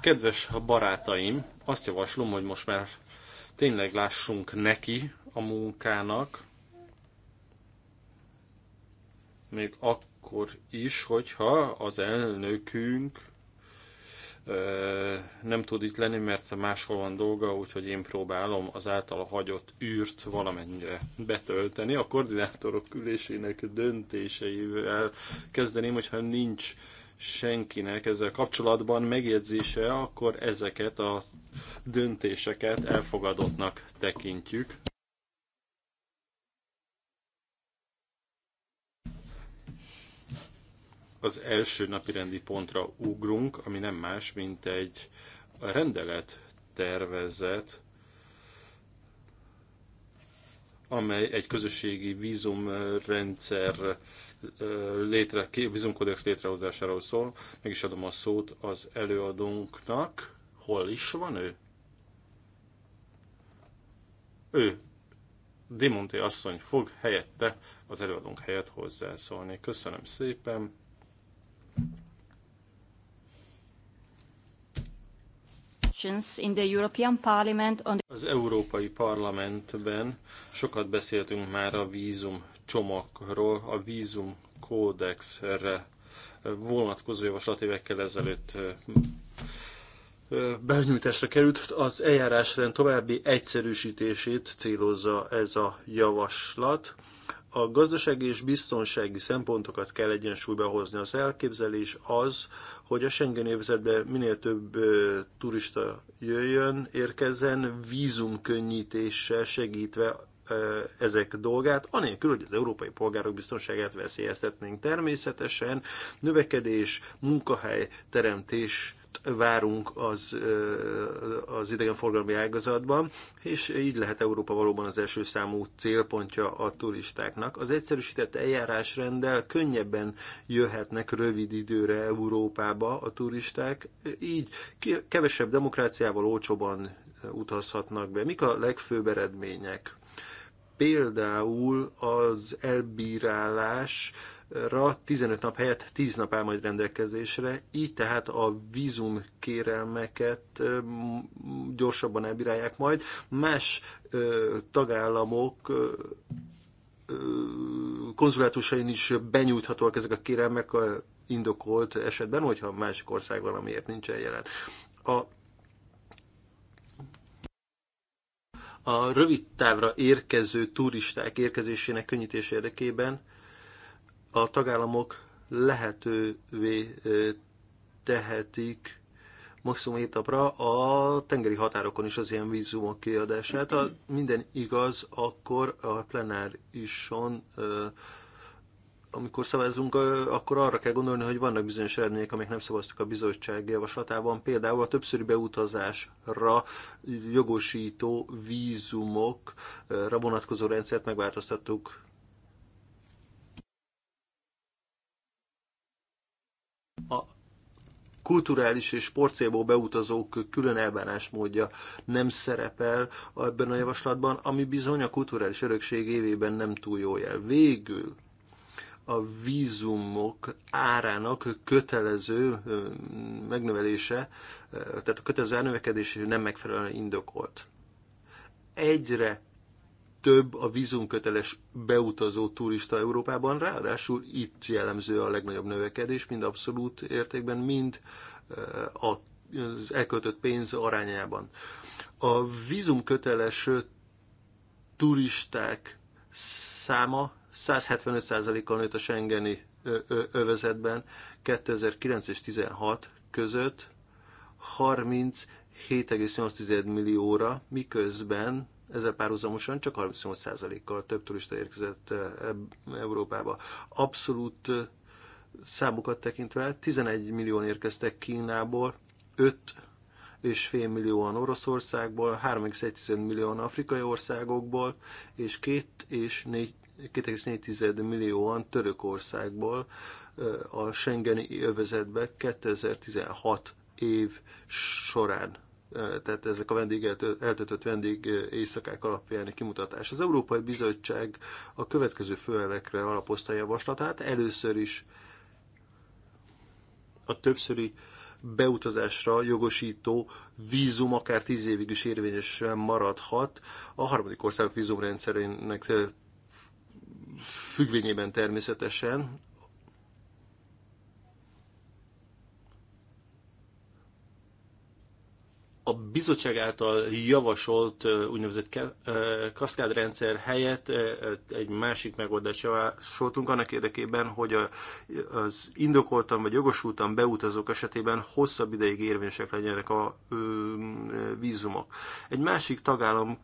Kedves barátaim, azt javaslom, hogy most már tényleg lássunk neki a munkának, még akkor is, hogyha az elnökünk nem tud itt lenni, mert máshol van dolga, úgyhogy én próbálom az általa hagyott űrt valamennyire betölteni. A koordinátorok ülésének döntéseivel kezdeném, hogyha nincs senkinek ezzel kapcsolatban megjegyzése, akkor ezeket a döntéseket elfogadottnak tekintjük. Az első napi rendi pontra ugrunk, ami nem más, mint egy rendelet tervezet, amely egy közösségi vízumrendszer létre, vízumkódex létrehozásáról szól. Meg is adom a szót az előadónknak. Hol is van ő? Ő, Dimonté asszony fog helyette az előadónk helyett hozzászólni. Köszönöm szépen! Az Európai Parlamentben sokat beszéltünk már a vízum csomagról, a vízum kódexre vonatkozó javaslat évekkel ezelőtt benyújtásra került. Az eljárásrend további egyszerűsítését célozza ez a javaslat a gazdasági és biztonsági szempontokat kell egyensúlyba hozni. Az elképzelés az, hogy a Schengen övezetbe minél több ö, turista jöjjön, érkezzen, vízumkönnyítéssel segítve ö, ezek dolgát, anélkül, hogy az európai polgárok biztonságát veszélyeztetnénk. Természetesen növekedés, munkahely, teremtés várunk az, az idegenforgalmi ágazatban, és így lehet Európa valóban az első számú célpontja a turistáknak. Az egyszerűsített eljárásrenddel könnyebben jöhetnek rövid időre Európába a turisták, így kevesebb demokráciával olcsóban utazhatnak be. Mik a legfőbb eredmények? Például az elbírálás 15 nap helyett 10 nap áll majd rendelkezésre, így tehát a vízum kérelmeket gyorsabban elbírálják majd. Más tagállamok konzulátusain is benyújthatóak ezek a kérelmek a indokolt esetben, hogyha a másik ország valamiért nincsen jelen. A a rövid távra érkező turisták érkezésének könnyítés érdekében a tagállamok lehetővé tehetik maximum 7 napra a tengeri határokon is az ilyen vízumok kiadását. Ha minden igaz, akkor a plenárison, amikor szavazunk, akkor arra kell gondolni, hogy vannak bizonyos eredmények, amik nem szavaztak a bizottság javaslatában. Például a többszöri beutazásra jogosító vízumokra vonatkozó rendszert megváltoztattuk a kulturális és sportcélból beutazók külön elbánásmódja nem szerepel ebben a javaslatban, ami bizony a kulturális örökség évében nem túl jó jel. Végül a vízumok árának kötelező megnövelése, tehát a kötelező árnövekedés nem megfelelően indokolt. Egyre több a vízumköteles beutazó turista Európában, ráadásul itt jellemző a legnagyobb növekedés, mind abszolút értékben, mind eh, az elköltött pénz arányában. A vízumköteles eh, turisták száma 175%-kal nőtt a Schengeni eh, övezetben 2009 és 16 között 37,8 millióra, miközben ezzel párhuzamosan csak 38%-kal több turista érkezett eh, Európába. Abszolút eh, számokat tekintve 11 millió érkeztek Kínából, 5 és fél millióan Oroszországból, 3,1 millióan afrikai országokból, és 2 és 2,4 millióan Törökországból eh, a Schengeni övezetbe 2016 év során tehát ezek a vendég eltöltött vendég éjszakák alapján kimutatás. Az Európai Bizottság a következő főelvekre alapozta a javaslatát. Először is a többszöri beutazásra jogosító vízum akár tíz évig is érvényesen maradhat. A harmadik ország vízumrendszerének függvényében természetesen a bizottság által javasolt úgynevezett kaszkádrendszer helyett egy másik megoldást javasoltunk annak érdekében, hogy az indokoltan vagy jogosultan beutazók esetében hosszabb ideig érvényesek legyenek a vízumok. Egy másik tagállam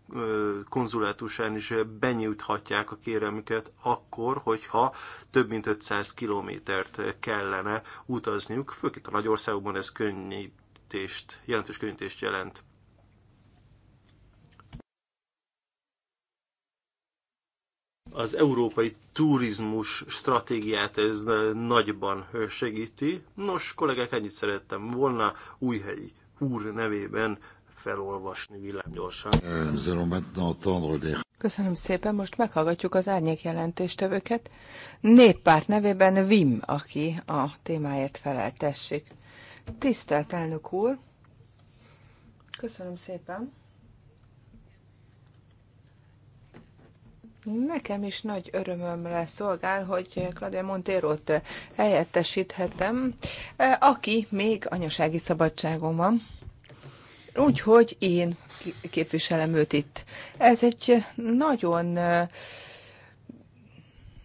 konzulátusán is benyújthatják a kéremüket akkor, hogyha több mint 500 kilométert kellene utazniuk, főként a nagyországokban ez könnyű könnyítést, jelentős könnyítést jelent. Az európai turizmus stratégiát ez nagyban segíti. Nos, kollégák, ennyit szerettem volna újhelyi úr nevében felolvasni villámgyorsan. Köszönöm szépen, most meghallgatjuk az árnyék jelentéstevőket. Néppárt nevében Vim, aki a témáért felel, tessék. Tisztelt elnök úr! Köszönöm szépen! Nekem is nagy örömömre szolgál, hogy Claudia Montérót helyettesíthetem, aki még anyasági szabadságom van. Úgyhogy én képviselem őt itt. Ez egy nagyon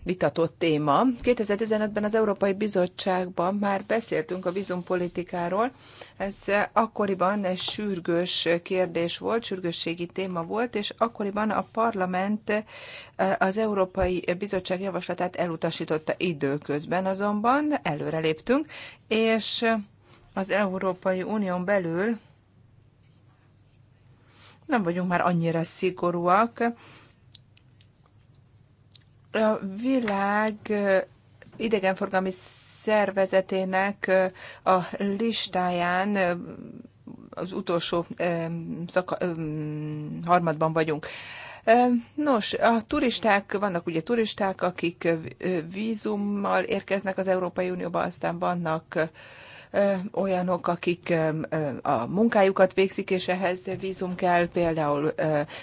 vitatott téma. 2015-ben az Európai Bizottságban már beszéltünk a vízumpolitikáról. Ez akkoriban egy sürgős kérdés volt, sürgősségi téma volt, és akkoriban a parlament eh, az Európai Bizottság javaslatát elutasította időközben, azonban előreléptünk, és az Európai Unión belül nem vagyunk már annyira szigorúak, a világ idegenforgalmi szervezetének a listáján az utolsó szaka, harmadban vagyunk. Nos, a turisták, vannak ugye turisták, akik vízummal érkeznek az Európai Unióba, aztán vannak olyanok, akik a munkájukat végzik, és ehhez vízum kell, például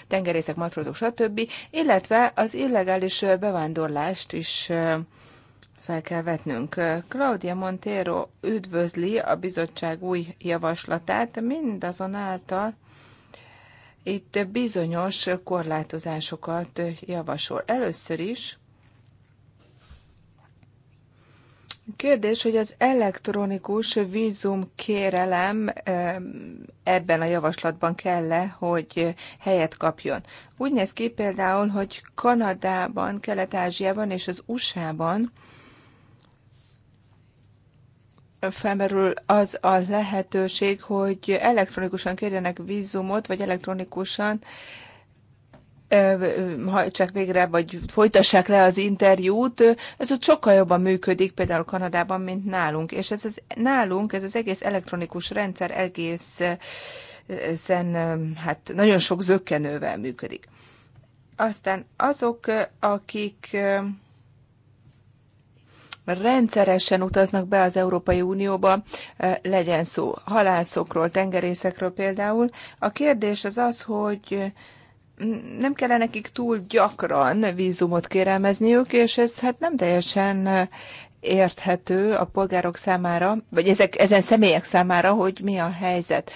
tengerészek, matrózok, stb., illetve az illegális bevándorlást is fel kell vetnünk. Claudia Montero üdvözli a bizottság új javaslatát, mindazonáltal itt bizonyos korlátozásokat javasol. Először is Kérdés, hogy az elektronikus vízum kérelem ebben a javaslatban kell-e, hogy helyet kapjon. Úgy néz ki például, hogy Kanadában, Kelet-Ázsiában és az USA-ban felmerül az a lehetőség, hogy elektronikusan kérjenek vízumot, vagy elektronikusan hajtsák végre, vagy folytassák le az interjút, ez ott sokkal jobban működik, például Kanadában, mint nálunk. És ez az, nálunk, ez az egész elektronikus rendszer egész ezen, hát nagyon sok zöggenővel működik. Aztán azok, akik rendszeresen utaznak be az Európai Unióba, legyen szó halászokról, tengerészekről például. A kérdés az az, hogy nem kellene nekik túl gyakran vízumot kérelmezniük, és ez hát nem teljesen érthető a polgárok számára, vagy ezek, ezen személyek számára, hogy mi a helyzet.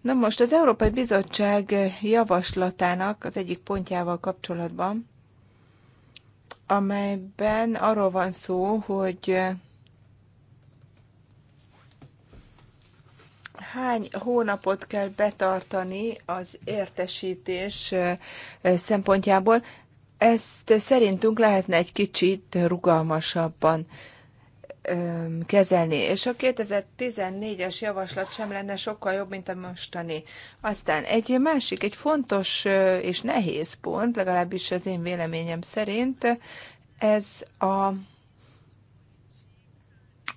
Na most az Európai Bizottság javaslatának az egyik pontjával kapcsolatban, amelyben arról van szó, hogy hány hónapot kell betartani az értesítés szempontjából, ezt szerintünk lehetne egy kicsit rugalmasabban kezelni. És a 2014-es javaslat sem lenne sokkal jobb, mint a mostani. Aztán egy másik, egy fontos és nehéz pont, legalábbis az én véleményem szerint, ez a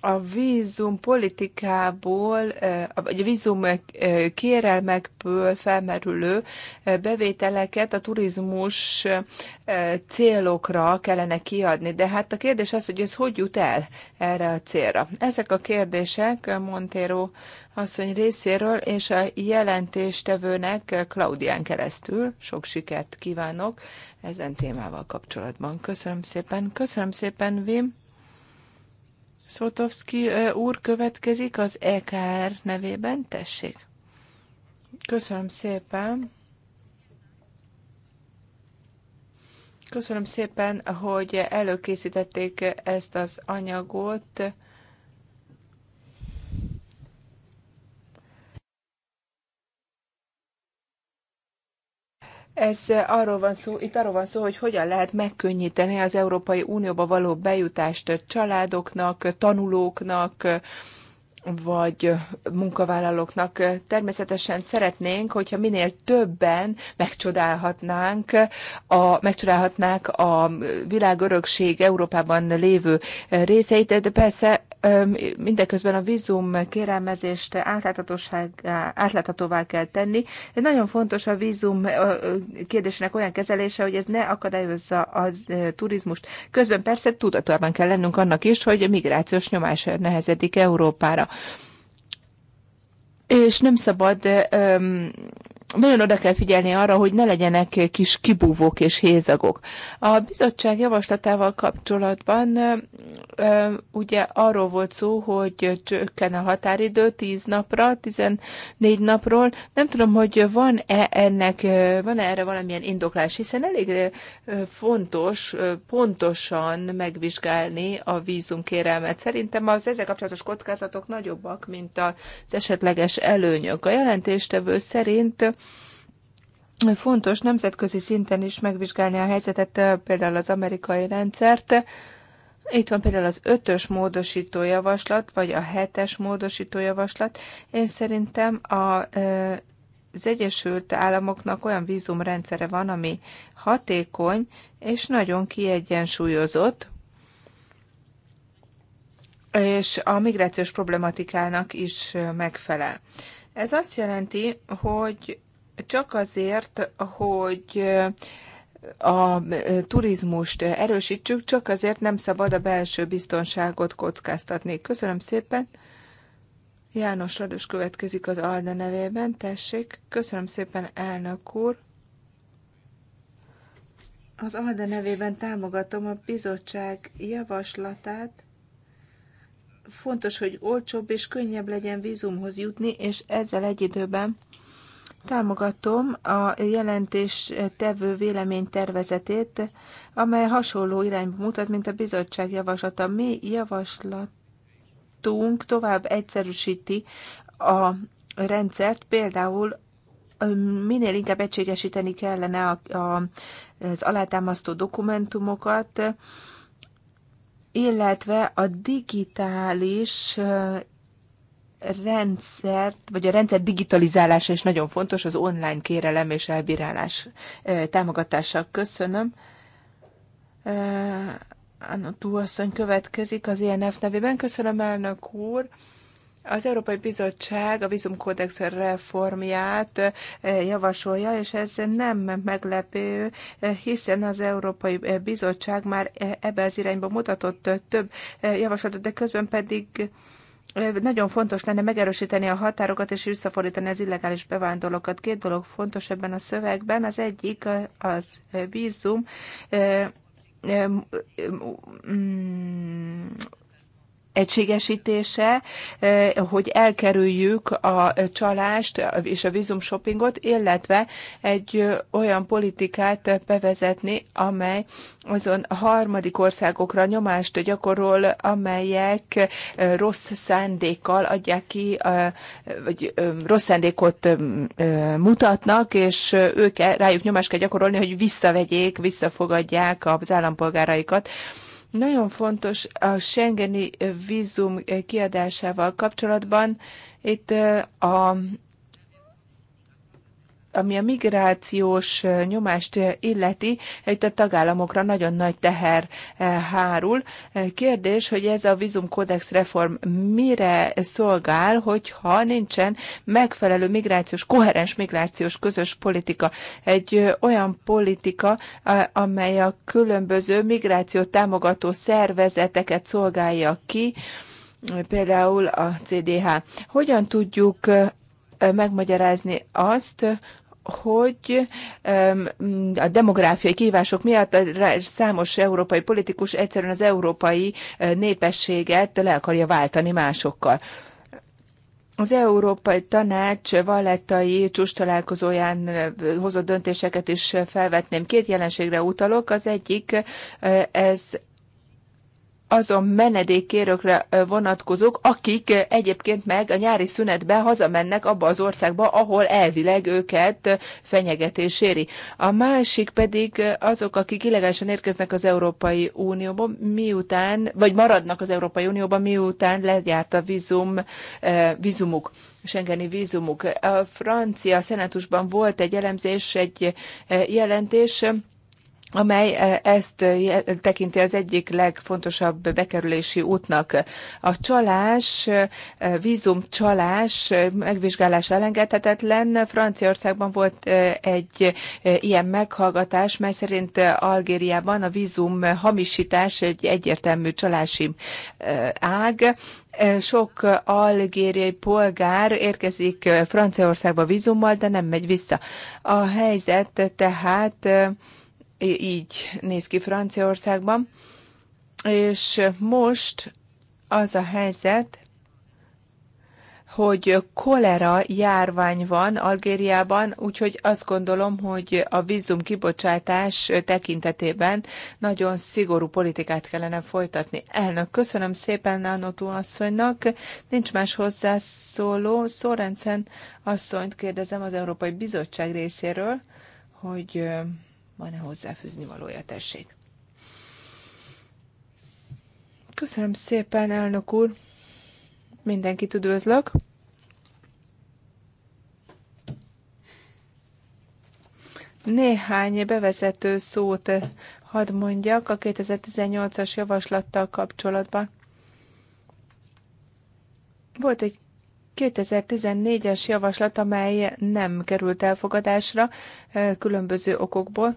a vízum politikából, vagy a vízum kérelmekből felmerülő bevételeket a turizmus célokra kellene kiadni. De hát a kérdés az, hogy ez hogy jut el erre a célra. Ezek a kérdések Montero asszony részéről és a jelentéstevőnek Klaudián keresztül sok sikert kívánok ezen témával kapcsolatban. Köszönöm szépen. Köszönöm szépen, Vim. Szotovszki úr következik az EKR nevében, tessék. Köszönöm szépen. Köszönöm szépen, hogy előkészítették ezt az anyagot. Ez arról van szó, itt arról van szó, hogy hogyan lehet megkönnyíteni az Európai Unióba való bejutást családoknak, tanulóknak, vagy munkavállalóknak. Természetesen szeretnénk, hogyha minél többen megcsodálhatnánk a, megcsodálhatnák a világörökség Európában lévő részeit, de persze mindeközben a vízum kérelmezést átláthatóvá kell tenni. Nagyon fontos a vízum kérdésének olyan kezelése, hogy ez ne akadályozza a turizmust. Közben persze tudatában kell lennünk annak is, hogy migrációs nyomás nehezedik Európára és nem szabad nagyon oda kell figyelni arra, hogy ne legyenek kis kibúvók és hézagok. A bizottság javaslatával kapcsolatban ugye arról volt szó, hogy csökken a határidő 10 napra, 14 napról. Nem tudom, hogy van-e ennek, van -e erre valamilyen indoklás, hiszen elég fontos pontosan megvizsgálni a vízunkérelmet. Szerintem az ezzel kapcsolatos kockázatok nagyobbak, mint az esetleges előnyök. A jelentéstevő szerint fontos nemzetközi szinten is megvizsgálni a helyzetet, eh, például az amerikai rendszert. Itt van például az ötös javaslat vagy a hetes javaslat. Én szerintem a, eh, az Egyesült Államoknak olyan vízumrendszere van, ami hatékony és nagyon kiegyensúlyozott, és a migrációs problematikának is eh, megfelel. Ez azt jelenti, hogy csak azért, hogy a turizmust erősítsük, csak azért nem szabad a belső biztonságot kockáztatni. Köszönöm szépen. János Lados következik az Alda nevében. Tessék, köszönöm szépen, elnök úr. Az Alda nevében támogatom a bizottság javaslatát. Fontos, hogy olcsóbb és könnyebb legyen vízumhoz jutni, és ezzel egy időben Támogatom a jelentés tevő véleménytervezetét, amely hasonló irányba mutat, mint a bizottság javaslata. Mi javaslatunk tovább egyszerűsíti a rendszert, például minél inkább egységesíteni kellene a, a, az alátámasztó dokumentumokat, illetve a digitális rendszert, vagy a rendszer digitalizálása is nagyon fontos, az online kérelem és elbírálás támogatással köszönöm. Anna Túlasszony következik az INF e nevében. Köszönöm, elnök úr. Az Európai Bizottság a vízumkódex reformját javasolja, és ez nem meglepő, hiszen az Európai Bizottság már ebbe az irányba mutatott több javaslatot, de közben pedig nagyon fontos lenne megerősíteni a határokat és visszafordítani az illegális bevándorlókat. Két dolog fontos ebben a szövegben. Az egyik az eh, vízum eh, eh, egységesítése, hogy elkerüljük a csalást és a vízum shoppingot, illetve egy olyan politikát bevezetni, amely azon harmadik országokra nyomást gyakorol, amelyek rossz szándékkal adják ki, vagy rossz szándékot mutatnak, és ők rájuk nyomást kell gyakorolni, hogy visszavegyék, visszafogadják az állampolgáraikat. Nagyon fontos a Schengeni vízum kiadásával kapcsolatban. Itt a ami a migrációs nyomást illeti, itt a tagállamokra nagyon nagy teher hárul. Kérdés, hogy ez a vízumkódex reform mire szolgál, hogyha nincsen megfelelő migrációs, koherens migrációs közös politika. Egy olyan politika, amely a különböző migrációt támogató szervezeteket szolgálja ki, például a CDH. Hogyan tudjuk megmagyarázni azt, hogy a demográfiai kívások miatt számos európai politikus egyszerűen az európai eh, népességet le akarja váltani másokkal. Az Európai Tanács valettai csúcs találkozóján eh, hozott döntéseket is felvetném. Két jelenségre utalok. Az egyik, eh, ez azon menedékkérőkre vonatkozók, akik egyébként meg a nyári szünetben hazamennek abba az országba, ahol elvileg őket fenyegetés éri. A másik pedig azok, akik illegálisan érkeznek az Európai Unióba, miután, vagy maradnak az Európai Unióba, miután lejárt a vízum, vízumuk. Schengeni vízumuk. A francia szenátusban volt egy elemzés, egy jelentés, amely e, ezt e, tekinti az egyik legfontosabb bekerülési útnak. A csalás, e, vízumcsalás megvizsgálás elengedhetetlen. Franciaországban volt egy ilyen meghallgatás, mely szerint Algériában a vízum hamisítás egy egyértelmű csalási ág sok algériai polgár érkezik Franciaországba vízummal, de nem megy vissza. A helyzet tehát így néz ki Franciaországban. És most az a helyzet, hogy kolera járvány van Algériában, úgyhogy azt gondolom, hogy a vízum kibocsátás tekintetében nagyon szigorú politikát kellene folytatni. Elnök, köszönöm szépen Nánotú asszonynak. Nincs más hozzászóló. Szórendszen asszonyt kérdezem az Európai Bizottság részéről, hogy van-e hozzáfűzni valója, tessék. Köszönöm szépen, elnök úr. Mindenkit üdvözlök. Néhány bevezető szót hadd mondjak a 2018-as javaslattal kapcsolatban. Volt egy 2014-es javaslat, amely nem került elfogadásra különböző okokból,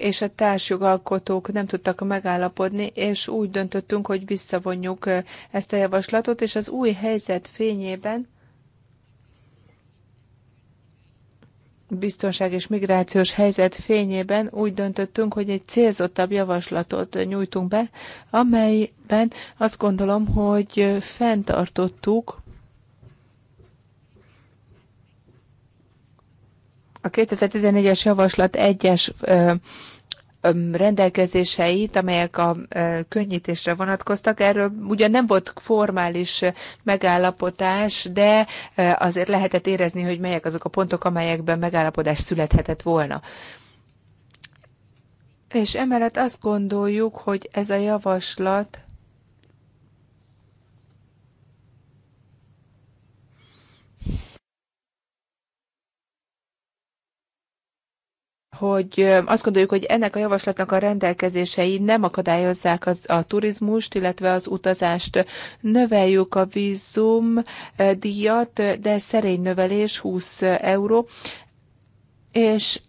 és a társjogalkotók nem tudtak megállapodni, és úgy döntöttünk, hogy visszavonjuk ezt a javaslatot, és az új helyzet fényében biztonság és migrációs helyzet fényében úgy döntöttünk, hogy egy célzottabb javaslatot nyújtunk be, amelyben azt gondolom, hogy fenntartottuk a 2014-es javaslat egyes rendelkezéseit, amelyek a könnyítésre vonatkoztak. Erről ugyan nem volt formális megállapotás, de azért lehetett érezni, hogy melyek azok a pontok, amelyekben megállapodás születhetett volna. És emellett azt gondoljuk, hogy ez a javaslat hogy azt gondoljuk, hogy ennek a javaslatnak a rendelkezései nem akadályozzák az, a turizmust, illetve az utazást. Növeljük a vízum díjat, de szerény növelés 20 euró, és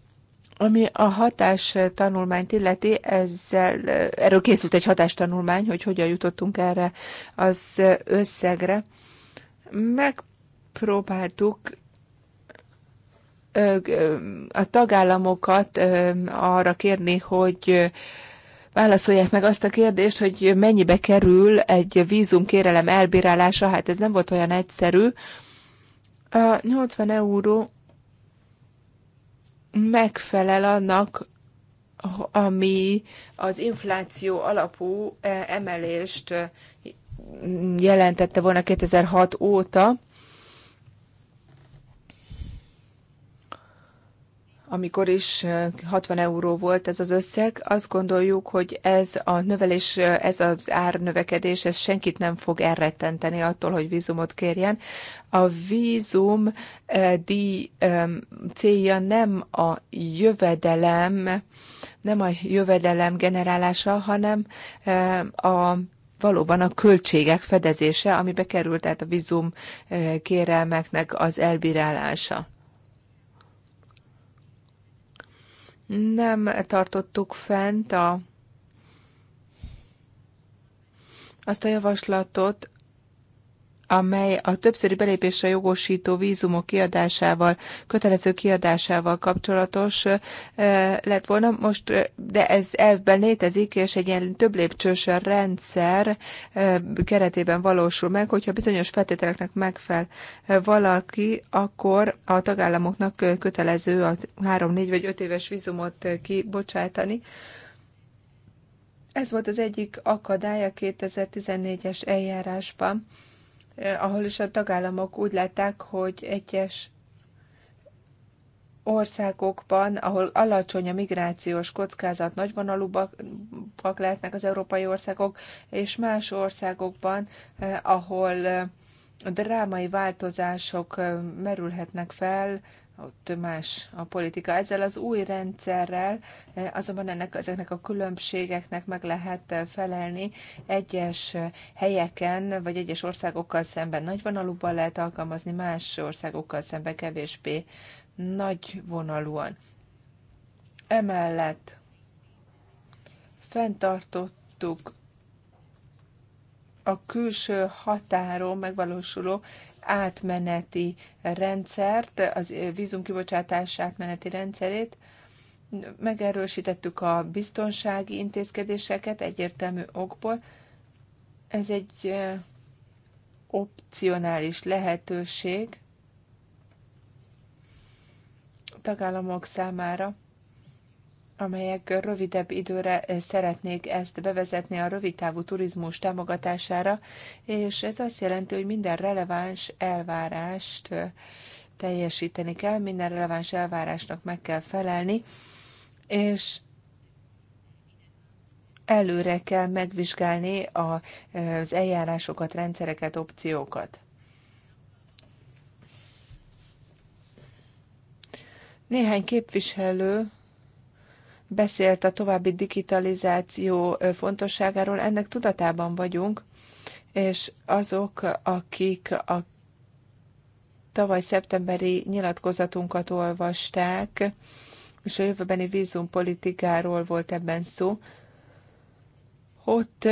ami a hatás tanulmányt illeti, ezzel, erről készült egy hatástanulmány, hogy hogyan jutottunk erre az összegre. Megpróbáltuk a tagállamokat arra kérni, hogy válaszolják meg azt a kérdést, hogy mennyibe kerül egy vízumkérelem elbírálása. Hát ez nem volt olyan egyszerű. A 80 euró megfelel annak, ami az infláció alapú emelést jelentette volna 2006 óta. amikor is 60 euró volt ez az összeg. Azt gondoljuk, hogy ez a növelés, ez az árnövekedés, ez senkit nem fog elrettenteni attól, hogy vízumot kérjen. A vízum díj célja nem a jövedelem, nem a jövedelem generálása, hanem a valóban a költségek fedezése, amibe került tehát a vízum kérelmeknek az elbírálása. nem tartottuk fent a, azt a javaslatot, amely a többszöri belépésre jogosító vízumok kiadásával, kötelező kiadásával kapcsolatos lett volna. Most, de ez elvben létezik, és egy ilyen több lépcsős rendszer keretében valósul meg, hogyha bizonyos feltételeknek megfelel valaki, akkor a tagállamoknak kötelező a három, négy vagy öt éves vízumot kibocsátani. Ez volt az egyik akadálya 2014-es eljárásban. Eh, ahol is a tagállamok úgy látták, hogy egyes országokban, ahol alacsony a migrációs kockázat, nagyvonalúbbak lehetnek az európai országok, és más országokban, eh, ahol eh, drámai változások merülhetnek fel, ott más a politika. Ezzel az új rendszerrel eh, azonban ennek, ezeknek a különbségeknek meg lehet eh, felelni. Egyes eh, helyeken vagy egyes országokkal szemben nagyvonalúban lehet alkalmazni, más országokkal szemben kevésbé nagyvonalúan. Emellett fenntartottuk a külső határon megvalósuló átmeneti rendszert, az vízumkibocsátás átmeneti rendszerét, megerősítettük a biztonsági intézkedéseket egyértelmű okból. Ez egy opcionális lehetőség tagállamok számára, amelyek rövidebb időre eh, szeretnék ezt bevezetni a rövidtávú turizmus támogatására, és ez azt jelenti, hogy minden releváns elvárást eh, teljesíteni kell, minden releváns elvárásnak meg kell felelni, és előre kell megvizsgálni eh, az eljárásokat, rendszereket, opciókat. Néhány képviselő beszélt a további digitalizáció fontosságáról, ennek tudatában vagyunk, és azok, akik a tavaly szeptemberi nyilatkozatunkat olvasták, és a jövőbeni vízumpolitikáról volt ebben szó, ott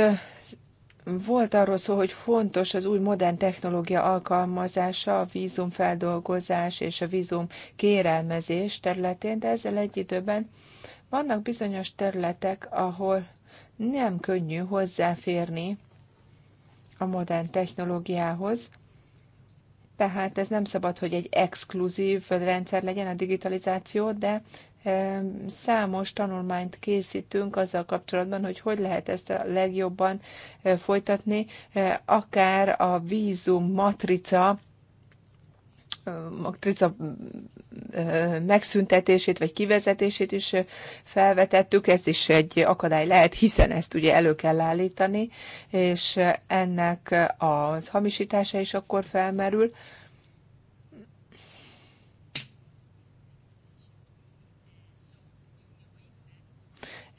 volt arról szó, hogy fontos az új modern technológia alkalmazása a vízumfeldolgozás és a vízum kérelmezés területén, de ezzel egy időben vannak bizonyos területek, ahol nem könnyű hozzáférni a modern technológiához, tehát ez nem szabad, hogy egy exkluzív rendszer legyen a digitalizáció, de számos tanulmányt készítünk azzal kapcsolatban, hogy hogy lehet ezt a legjobban folytatni, akár a vízum matrica aktrica megszüntetését vagy kivezetését is felvetettük, ez is egy akadály lehet, hiszen ezt ugye elő kell állítani, és ennek az hamisítása is akkor felmerül.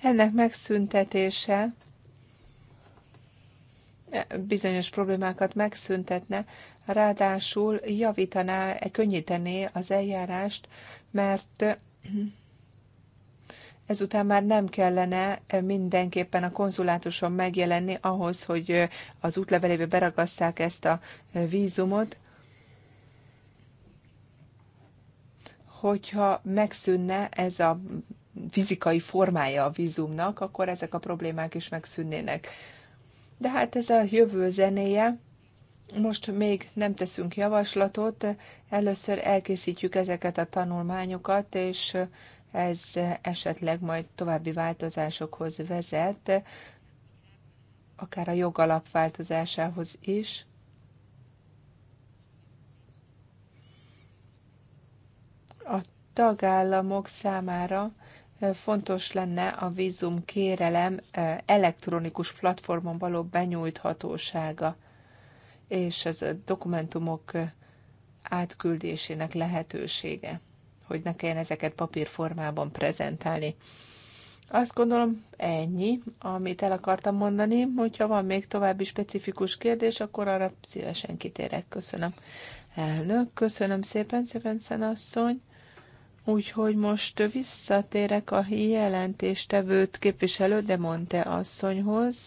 Ennek megszüntetése bizonyos problémákat megszüntetne, ráadásul javítaná, könnyítené az eljárást, mert ezután már nem kellene mindenképpen a konzulátuson megjelenni ahhoz, hogy az útlevelébe beragasszák ezt a vízumot, hogyha megszűnne ez a fizikai formája a vízumnak, akkor ezek a problémák is megszűnnének de hát ez a jövő zenéje. Most még nem teszünk javaslatot, először elkészítjük ezeket a tanulmányokat, és ez esetleg majd további változásokhoz vezet, akár a jogalap változásához is. A tagállamok számára fontos lenne a vízum kérelem elektronikus platformon való benyújthatósága és ez a dokumentumok átküldésének lehetősége, hogy ne kelljen ezeket papírformában prezentálni. Azt gondolom ennyi, amit el akartam mondani. Hogyha van még további specifikus kérdés, akkor arra szívesen kitérek. Köszönöm. Elnök, köszönöm szépen, Szépen asszony. Úgyhogy most visszatérek a jelentéstevőt képviselő de Monte asszonyhoz.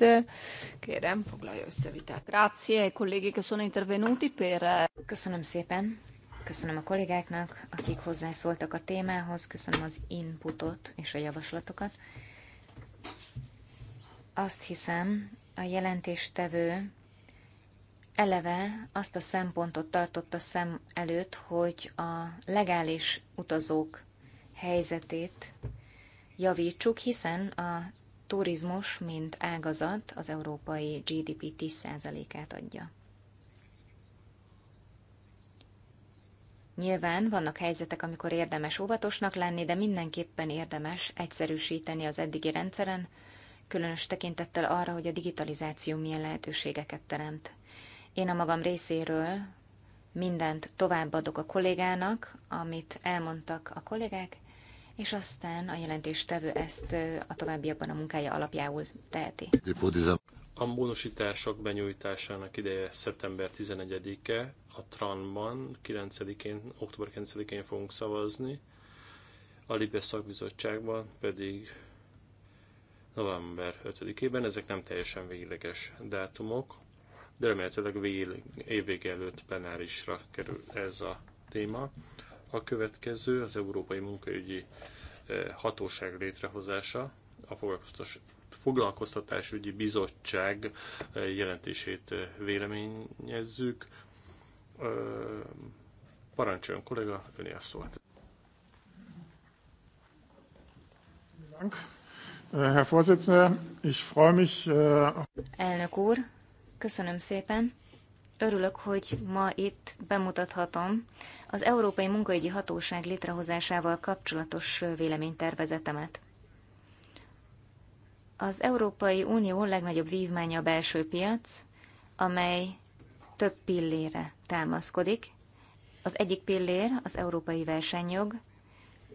Kérem, foglalja össze vitát. Grazie, kollégi, köszönöm intervenuti per... Köszönöm szépen. Köszönöm a kollégáknak, akik hozzászóltak a témához, köszönöm az inputot és a javaslatokat. Azt hiszem, a jelentéstevő eleve azt a szempontot tartotta szem előtt, hogy a legális utazók helyzetét javítsuk, hiszen a turizmus, mint ágazat az európai GDP 10%-át adja. Nyilván vannak helyzetek, amikor érdemes óvatosnak lenni, de mindenképpen érdemes egyszerűsíteni az eddigi rendszeren, különös tekintettel arra, hogy a digitalizáció milyen lehetőségeket teremt. Én a magam részéről mindent továbbadok a kollégának, amit elmondtak a kollégák, és aztán a jelentéstevő ezt a továbbiakban a munkája alapjául teheti. A módosítások benyújtásának ideje szeptember 11-e, a TRAN-ban 9-én, október 9-én fogunk szavazni, a Libe szakbizottságban pedig november 5-ében, ezek nem teljesen végleges dátumok de remélhetőleg végig, évvége előtt plenárisra kerül ez a téma. A következő az Európai Munkaügyi eh, Hatóság létrehozása, a Foglalkoztatásügyi Bizottság eh, jelentését eh, véleményezzük. Parancsoljon kollega, öné a szót. Äh, äh, Elnök úr, Köszönöm szépen. Örülök, hogy ma itt bemutathatom az Európai Munkaügyi Hatóság létrehozásával kapcsolatos véleménytervezetemet. Az Európai Unió legnagyobb vívmánya a belső piac, amely több pillére támaszkodik. Az egyik pillér az európai versenyjog,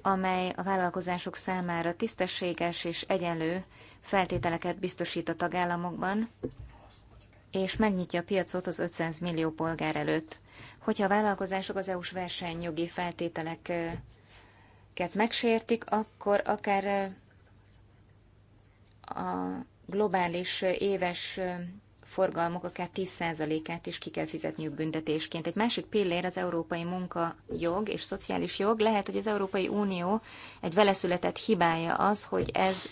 amely a vállalkozások számára tisztességes és egyenlő feltételeket biztosít a tagállamokban, és megnyitja a piacot az 500 millió polgár előtt. Hogyha a vállalkozások az EU-s versenyjogi feltételeket megsértik, akkor akár eh, a globális eh, éves eh, forgalmok akár 10%-át is ki kell fizetniük büntetésként. Egy másik pillér az európai munkajog és szociális jog. Lehet, hogy az Európai Unió egy veleszületett hibája az, hogy ez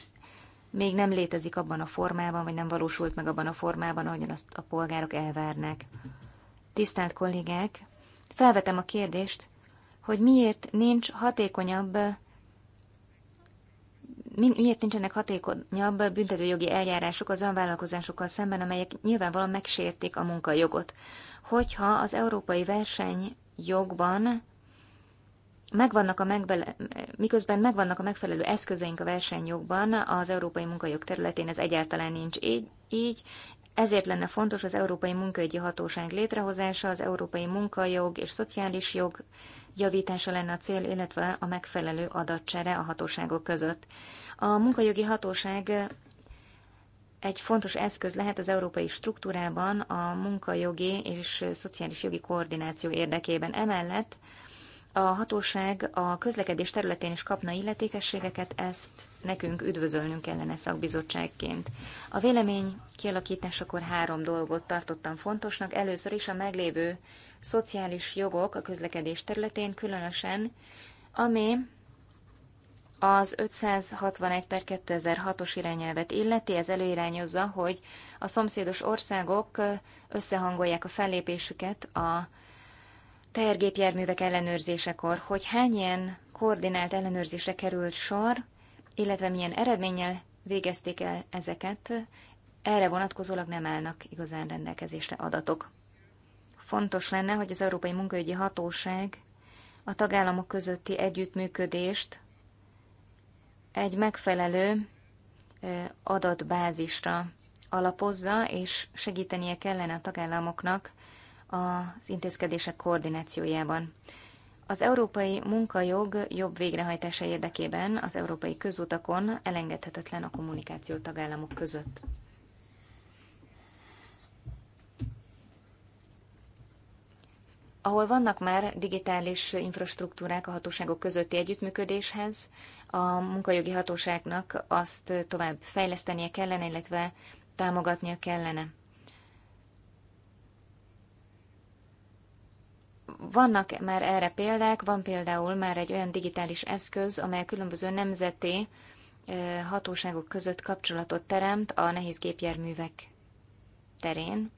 még nem létezik abban a formában, vagy nem valósult meg abban a formában, ahogyan azt a polgárok elvárnak. Tisztelt kollégák, felvetem a kérdést, hogy miért nincs hatékonyabb miért nincsenek hatékonyabb büntetőjogi eljárások az önvállalkozásokkal vállalkozásokkal szemben, amelyek nyilvánvalóan megsértik a munkajogot. Hogyha az európai verseny jogban megvannak a megbele, miközben megvannak a megfelelő eszközeink a versenyjogban, az európai munkajog területén ez egyáltalán nincs így, így ezért lenne fontos az Európai Munkaügyi Hatóság létrehozása, az európai munkajog és szociális jog javítása lenne a cél, illetve a megfelelő adatcsere a hatóságok között. A munkajogi hatóság egy fontos eszköz lehet az európai struktúrában a munkajogi és szociális jogi koordináció érdekében. Emellett a hatóság a közlekedés területén is kapna illetékességeket, ezt nekünk üdvözölnünk kellene szakbizottságként. A vélemény kialakításakor három dolgot tartottam fontosnak. Először is a meglévő szociális jogok a közlekedés területén, különösen ami az 561 per 2006-os irányelvet illeti, ez előirányozza, hogy a szomszédos országok összehangolják a fellépésüket a tehergépjárművek ellenőrzésekor, hogy hány ilyen koordinált ellenőrzésre került sor, illetve milyen eredménnyel végezték el ezeket, erre vonatkozólag nem állnak igazán rendelkezésre adatok. Fontos lenne, hogy az Európai Munkaügyi Hatóság a tagállamok közötti együttműködést egy megfelelő adatbázisra alapozza, és segítenie kellene a tagállamoknak az intézkedések koordinációjában. Az európai munkajog jobb végrehajtása érdekében az európai közutakon elengedhetetlen a kommunikáció tagállamok között. ahol vannak már digitális infrastruktúrák a hatóságok közötti együttműködéshez, a munkajogi hatóságnak azt tovább fejlesztenie kellene, illetve támogatnia kellene. Vannak már erre példák, van például már egy olyan digitális eszköz, amely a különböző nemzeti hatóságok között kapcsolatot teremt a nehéz gépjárművek terén,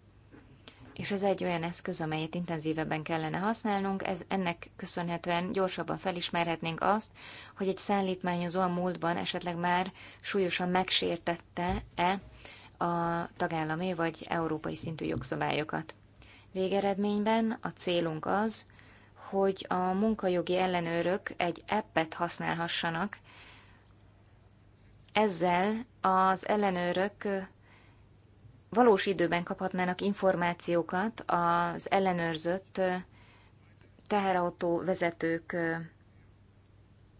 és ez egy olyan eszköz, amelyet intenzívebben kellene használnunk, ez ennek köszönhetően gyorsabban felismerhetnénk azt, hogy egy szállítmányozó a múltban esetleg már súlyosan megsértette-e a tagállami vagy európai szintű jogszabályokat. Végeredményben a célunk az, hogy a munkajogi ellenőrök egy appet használhassanak. Ezzel az ellenőrök valós időben kaphatnának információkat az ellenőrzött teherautó vezetők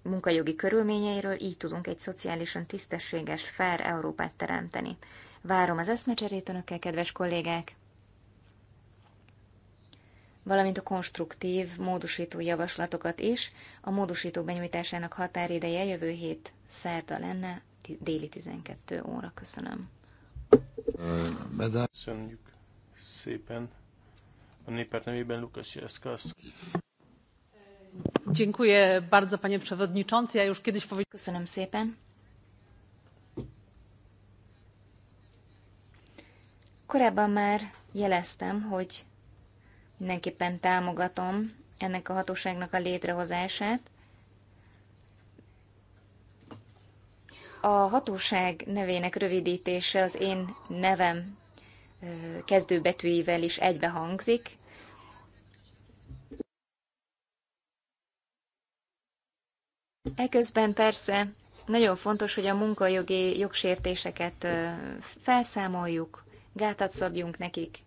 munkajogi körülményeiről, így tudunk egy szociálisan tisztességes, fair Európát teremteni. Várom az eszmecserét önökkel, kedves kollégák! valamint a konstruktív módosító javaslatokat is. A módosító benyújtásának határideje jövő hét szerda lenne, déli 12 óra. Köszönöm. Köszönjük szépen. A néppárt nevében Lukas Jeszkasz. Dziękuję bardzo, panie przewodniczący. Ja już kiedyś powiedziałem... Köszönöm szépen. Korábban már jeleztem, hogy Mindenképpen támogatom ennek a hatóságnak a létrehozását. A hatóság nevének rövidítése az én nevem kezdőbetűivel is egybehangzik. Eközben persze nagyon fontos, hogy a munkajogi jogsértéseket felszámoljuk, gátat szabjunk nekik,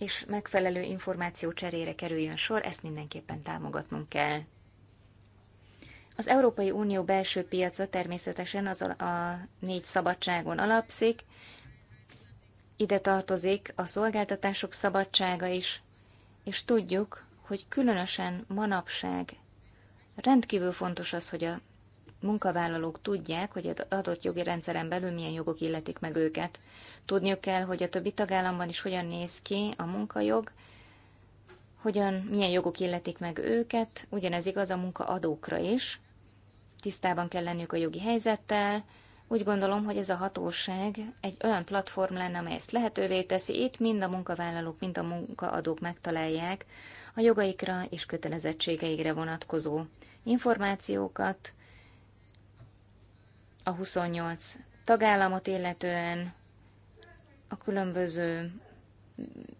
és megfelelő információ cserére kerüljön sor, ezt mindenképpen támogatnunk kell. Az Európai Unió belső piaca természetesen az a négy szabadságon alapszik, ide tartozik a szolgáltatások szabadsága is, és tudjuk, hogy különösen manapság rendkívül fontos az, hogy a munkavállalók tudják, hogy az adott jogi rendszeren belül milyen jogok illetik meg őket. Tudniuk kell, hogy a többi tagállamban is hogyan néz ki a munkajog, hogyan, milyen jogok illetik meg őket, ugyanez igaz a munkaadókra is. Tisztában kell lennünk a jogi helyzettel, úgy gondolom, hogy ez a hatóság egy olyan platform lenne, amely ezt lehetővé teszi. Itt mind a munkavállalók, mind a munkaadók megtalálják a jogaikra és kötelezettségeikre vonatkozó információkat, a 28 tagállamot illetően, a különböző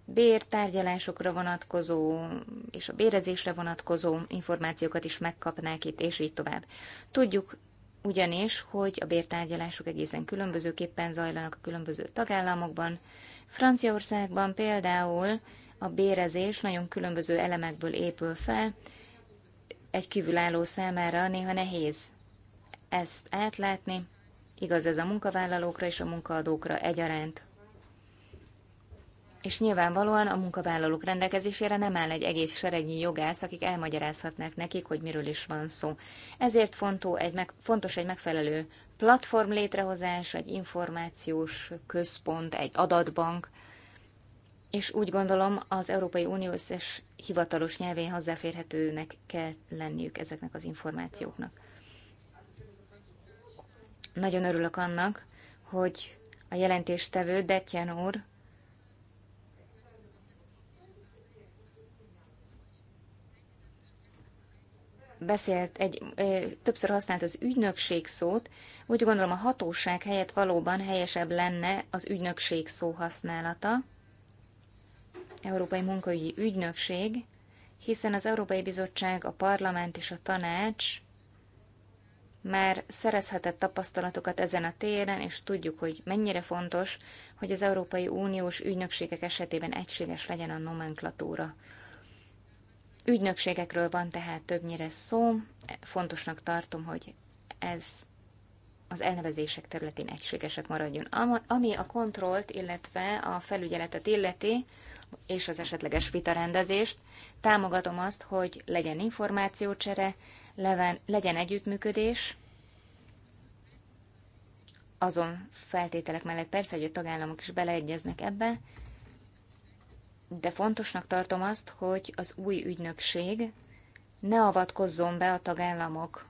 bértárgyalásokra vonatkozó és a bérezésre vonatkozó információkat is megkapnák itt, és így tovább. Tudjuk ugyanis, hogy a bértárgyalások egészen különbözőképpen zajlanak a különböző tagállamokban. Franciaországban például a bérezés nagyon különböző elemekből épül fel, egy kívülálló számára néha nehéz ezt átlátni, igaz ez a munkavállalókra és a munkaadókra egyaránt. És nyilvánvalóan a munkavállalók rendelkezésére nem áll egy egész seregnyi jogász, akik elmagyarázhatnák nekik, hogy miről is van szó. Ezért fontos egy megfelelő platform létrehozás, egy információs központ, egy adatbank, és úgy gondolom az Európai Unió összes hivatalos nyelvén hozzáférhetőnek kell lenniük ezeknek az információknak. Nagyon örülök annak, hogy a jelentéstevő Detjen úr beszélt, egy, ö, többször használt az ügynökség szót, úgy gondolom a hatóság helyett valóban helyesebb lenne az ügynökség szó használata, Európai Munkaügyi Ügynökség, hiszen az Európai Bizottság, a Parlament és a Tanács már szerezhetett tapasztalatokat ezen a téren, és tudjuk, hogy mennyire fontos, hogy az Európai Uniós ügynökségek esetében egységes legyen a nomenklatúra. Ügynökségekről van tehát többnyire szó, fontosnak tartom, hogy ez az elnevezések területén egységesek maradjon. Ami a kontrollt, illetve a felügyeletet illeti, és az esetleges vitarendezést, támogatom azt, hogy legyen információcsere, leven, legyen együttműködés, azon feltételek mellett persze, hogy a tagállamok is beleegyeznek ebbe, de fontosnak tartom azt, hogy az új ügynökség ne avatkozzon be a tagállamok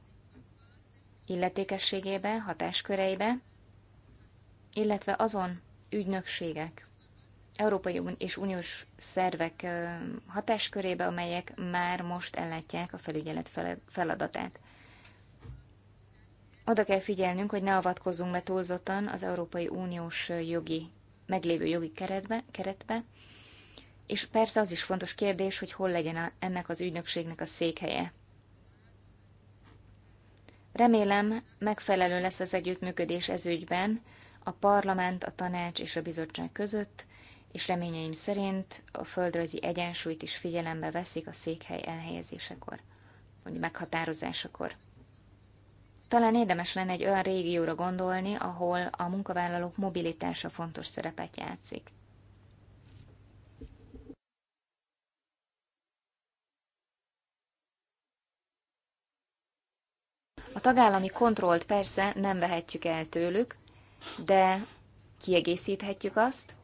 illetékességébe, hatásköreibe, illetve azon ügynökségek Európai és Uniós szervek hatáskörébe, amelyek már most ellátják a felügyelet feladatát. Oda kell figyelnünk, hogy ne avatkozzunk be túlzottan az Európai Uniós jogi, meglévő jogi keretbe, keretbe, és persze az is fontos kérdés, hogy hol legyen a, ennek az ügynökségnek a székhelye. Remélem, megfelelő lesz az együttműködés ezügyben a parlament, a tanács és a bizottság között, és reményeim szerint a földrajzi egyensúlyt is figyelembe veszik a székhely elhelyezésekor, vagy meghatározásakor. Talán érdemes lenne egy olyan régióra gondolni, ahol a munkavállalók mobilitása fontos szerepet játszik. A tagállami kontrollt persze nem vehetjük el tőlük, de kiegészíthetjük azt,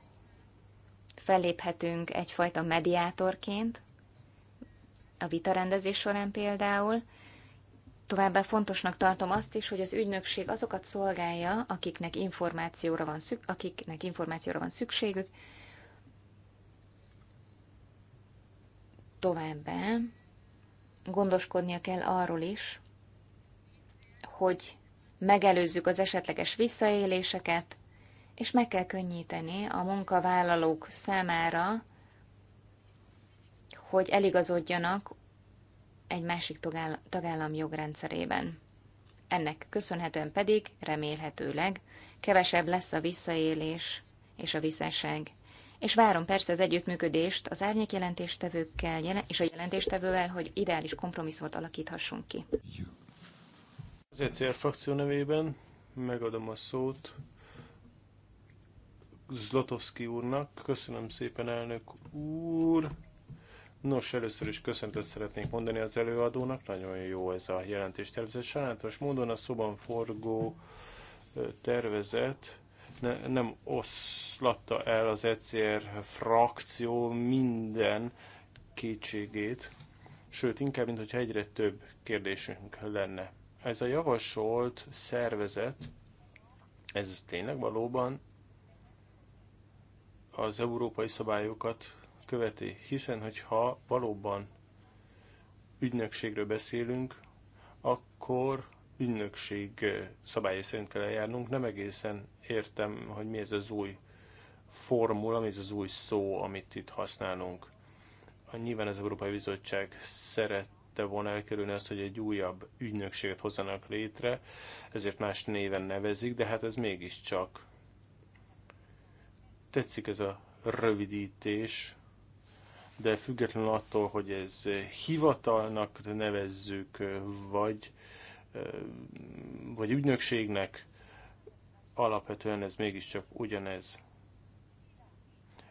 felléphetünk egyfajta mediátorként, a vitarendezés során például. Továbbá fontosnak tartom azt is, hogy az ügynökség azokat szolgálja, akiknek információra van, szük, akiknek információra van szükségük. Továbbá gondoskodnia kell arról is, hogy megelőzzük az esetleges visszaéléseket, és meg kell könnyíteni a munkavállalók számára, hogy eligazodjanak egy másik tagállam jogrendszerében. Ennek köszönhetően pedig remélhetőleg kevesebb lesz a visszaélés és a viszaság. És várom persze az együttműködést az árnyék jelentéstevőkkel és a jelentéstevővel, hogy ideális kompromisszumot alakíthassunk ki. Az ECR frakció nevében megadom a szót Zlotowski úrnak. Köszönöm szépen, elnök úr. Nos, először is köszöntet szeretnék mondani az előadónak. Nagyon jó ez a jelentés tervezet. Sajnálatos módon a szoban forgó tervezet ne, nem oszlatta el az ECR frakció minden kétségét, sőt, inkább, mint hogyha egyre több kérdésünk lenne. Ez a javasolt szervezet, ez tényleg valóban az európai szabályokat követi, hiszen hogyha valóban ügynökségről beszélünk, akkor ügynökség eh, szabályai szerint kell eljárnunk. Nem egészen értem, hogy mi ez az új formula, mi ez az új szó, amit itt használunk. Nyilván az Európai Bizottság szerette volna elkerülni azt, hogy egy újabb ügynökséget hozzanak létre, ezért más néven nevezik, de hát ez mégiscsak Tetszik ez a rövidítés, de függetlenül attól, hogy ez hivatalnak nevezzük, vagy, vagy ügynökségnek, alapvetően ez mégiscsak ugyanez.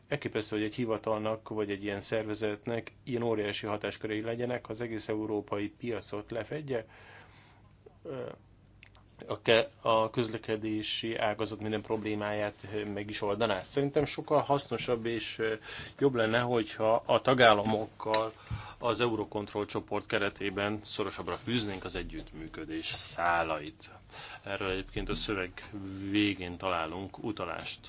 Elképesztő, hogy egy hivatalnak, vagy egy ilyen szervezetnek ilyen óriási hatáskörei legyenek, az egész európai piacot lefedje, a, ke, a közlekedési ágazat minden problémáját eh, meg is oldaná. Szerintem sokkal hasznosabb és eh, jobb lenne, hogyha a tagállamokkal az Eurocontrol csoport keretében szorosabbra fűznénk az együttműködés szálait. Erről egyébként a szöveg végén találunk utalást.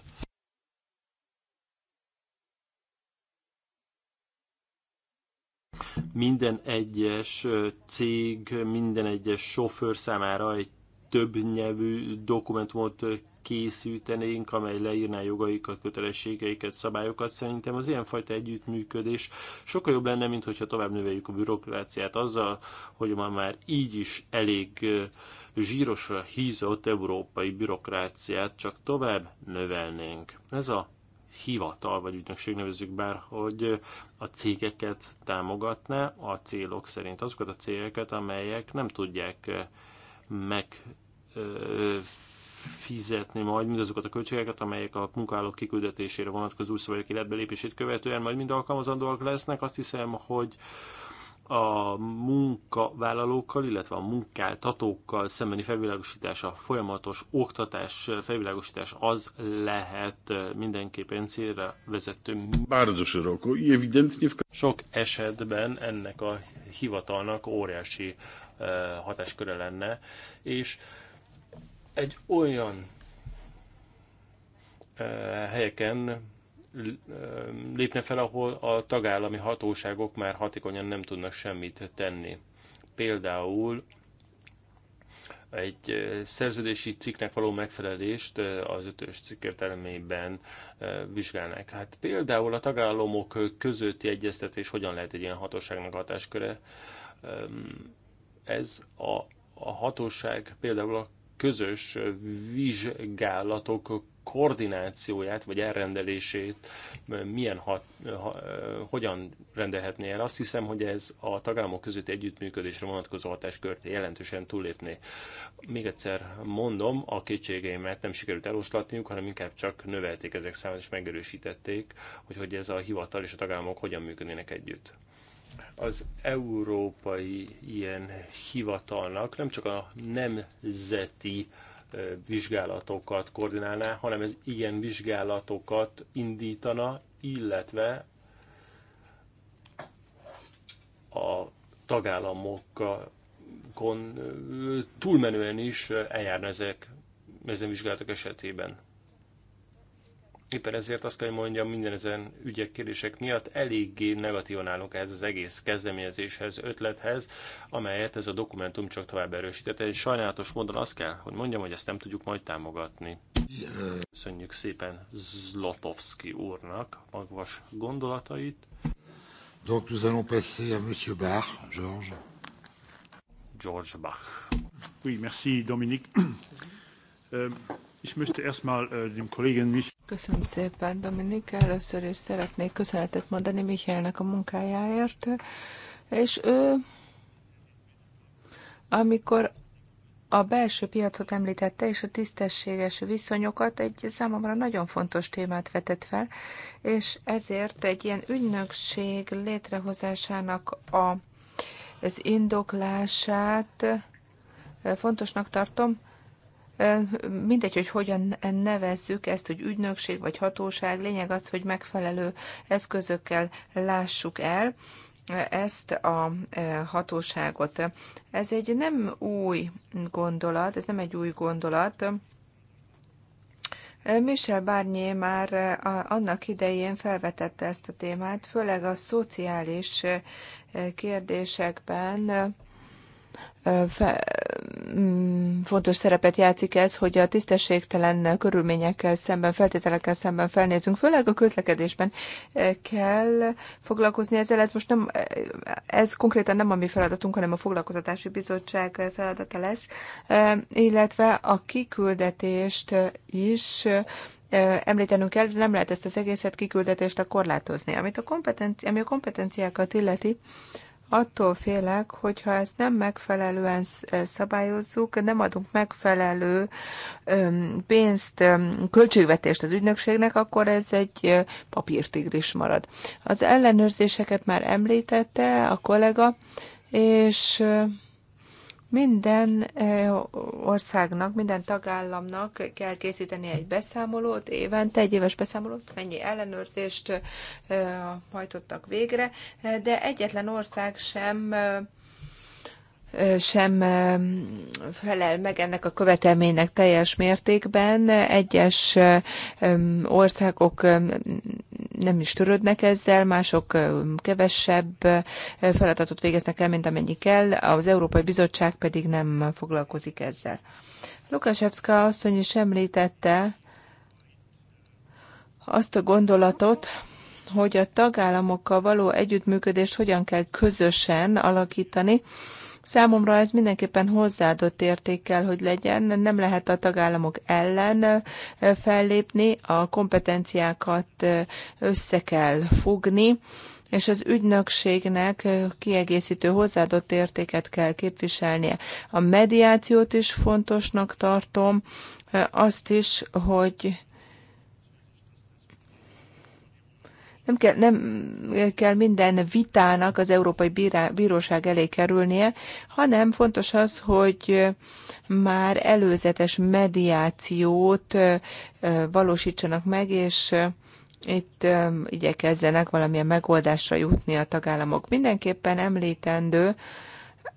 minden egyes eh, cég, minden egyes sofőr számára egy több nyelvű dokumentumot készítenénk, amely leírná jogaikat, kötelességeiket, szabályokat. Szerintem az ilyenfajta együttműködés sokkal jobb lenne, mint hogyha tovább növeljük a bürokráciát azzal, hogy ma már így is elég zsírosra hízott európai bürokráciát csak tovább növelnénk. Ez a hivatal, vagy ügynökség nevezzük bár, hogy a cégeket támogatná a célok szerint, azokat a cégeket, amelyek nem tudják meg fizetni majd mindazokat a költségeket, amelyek a munkálók kiküldetésére vonatkozó új szabályok életbelépését követően majd mind alkalmazandóak lesznek. Azt hiszem, hogy a munkavállalókkal, illetve a munkáltatókkal szembeni felvilágosítása, folyamatos oktatás, felvilágosítás az lehet mindenképpen célra vezető. Sok esetben ennek a hivatalnak óriási hatásköre lenne, és egy olyan helyeken lépne fel, ahol a tagállami hatóságok már hatékonyan nem tudnak semmit tenni. Például egy szerződési cikknek való megfelelést az ötös cikk értelmében vizsgálnák. Hát például a tagállamok közötti egyeztetés hogyan lehet egy ilyen hatóságnak hatásköre? Ez a, a hatóság például a közös vizsgálatok koordinációját vagy elrendelését milyen hat, ha, hogyan rendelhetné el. Azt hiszem, hogy ez a tagállamok közötti együttműködésre vonatkozó hatáskört jelentősen túlépné. Még egyszer mondom, a kétségeimet nem sikerült eloszlatniuk, hanem inkább csak növelték ezek számát és megerősítették, hogy, hogy ez a hivatal és a tagállamok hogyan működnének együtt az európai ilyen hivatalnak nem csak a nemzeti vizsgálatokat koordinálná, hanem ez ilyen vizsgálatokat indítana, illetve a tagállamokon túlmenően is eljárna ezek ezen vizsgálatok esetében. Éppen ezért azt kell, hogy mondjam, minden ezen ügyek, kérdések miatt eléggé negatívan állunk ehhez az egész kezdeményezéshez, ötlethez, amelyet ez a dokumentum csak tovább erősített. Egy sajnálatos módon azt kell, hogy mondjam, hogy ezt nem tudjuk majd támogatni. Köszönjük szépen Zlotowski úrnak magvas gondolatait. Donc nous allons passer à Monsieur Bach, George. George Bach. Oui, merci Dominique. Uh, ich möchte erstmal uh, dem Kollegen mich Köszönöm szépen, Dominik. Először is szeretnék köszönetet mondani Mihálynak a munkájáért, és ő, amikor a belső piacot említette, és a tisztességes viszonyokat egy számomra nagyon fontos témát vetett fel, és ezért egy ilyen ügynökség létrehozásának a, az indoklását fontosnak tartom, mindegy, hogy hogyan nevezzük ezt, hogy ügynökség vagy hatóság, lényeg az, hogy megfelelő eszközökkel lássuk el ezt a hatóságot. Ez egy nem új gondolat, ez nem egy új gondolat, Michel Barnier már annak idején felvetette ezt a témát, főleg a szociális kérdésekben Mm, fontos szerepet játszik ez, hogy a tisztességtelen körülményekkel szemben, feltételekkel szemben felnézünk, főleg a közlekedésben kell foglalkozni ezzel. Ez most nem, ez konkrétan nem a mi feladatunk, hanem a foglalkozatási bizottság feladata lesz, illetve a kiküldetést is említenünk kell, nem lehet ezt az egészet kiküldetést a korlátozni. Amit a kompetenci- ami a kompetenciákat illeti, attól félek, hogyha ezt nem megfelelően szabályozzuk, nem adunk megfelelő pénzt, költségvetést az ügynökségnek, akkor ez egy papírtigris marad. Az ellenőrzéseket már említette a kollega, és minden eh, országnak, minden tagállamnak kell készíteni egy beszámolót, évente egy éves beszámolót, mennyi ellenőrzést eh, hajtottak végre, eh, de egyetlen ország sem sem felel meg ennek a követelménynek teljes mértékben. Egyes országok nem is törődnek ezzel, mások kevesebb feladatot végeznek el, mint amennyi kell, az Európai Bizottság pedig nem foglalkozik ezzel. Lukashevska asszony is említette azt a gondolatot, hogy a tagállamokkal való együttműködést hogyan kell közösen alakítani, Számomra ez mindenképpen hozzáadott értékkel, hogy legyen. Nem lehet a tagállamok ellen fellépni, a kompetenciákat össze kell fogni és az ügynökségnek kiegészítő hozzáadott értéket kell képviselnie. A mediációt is fontosnak tartom, azt is, hogy nem kell, nem kell minden vitának az Európai Bírá, Bíróság elé kerülnie, hanem fontos az, hogy már előzetes mediációt valósítsanak meg, és itt igyekezzenek valamilyen megoldásra jutni a tagállamok. Mindenképpen említendő,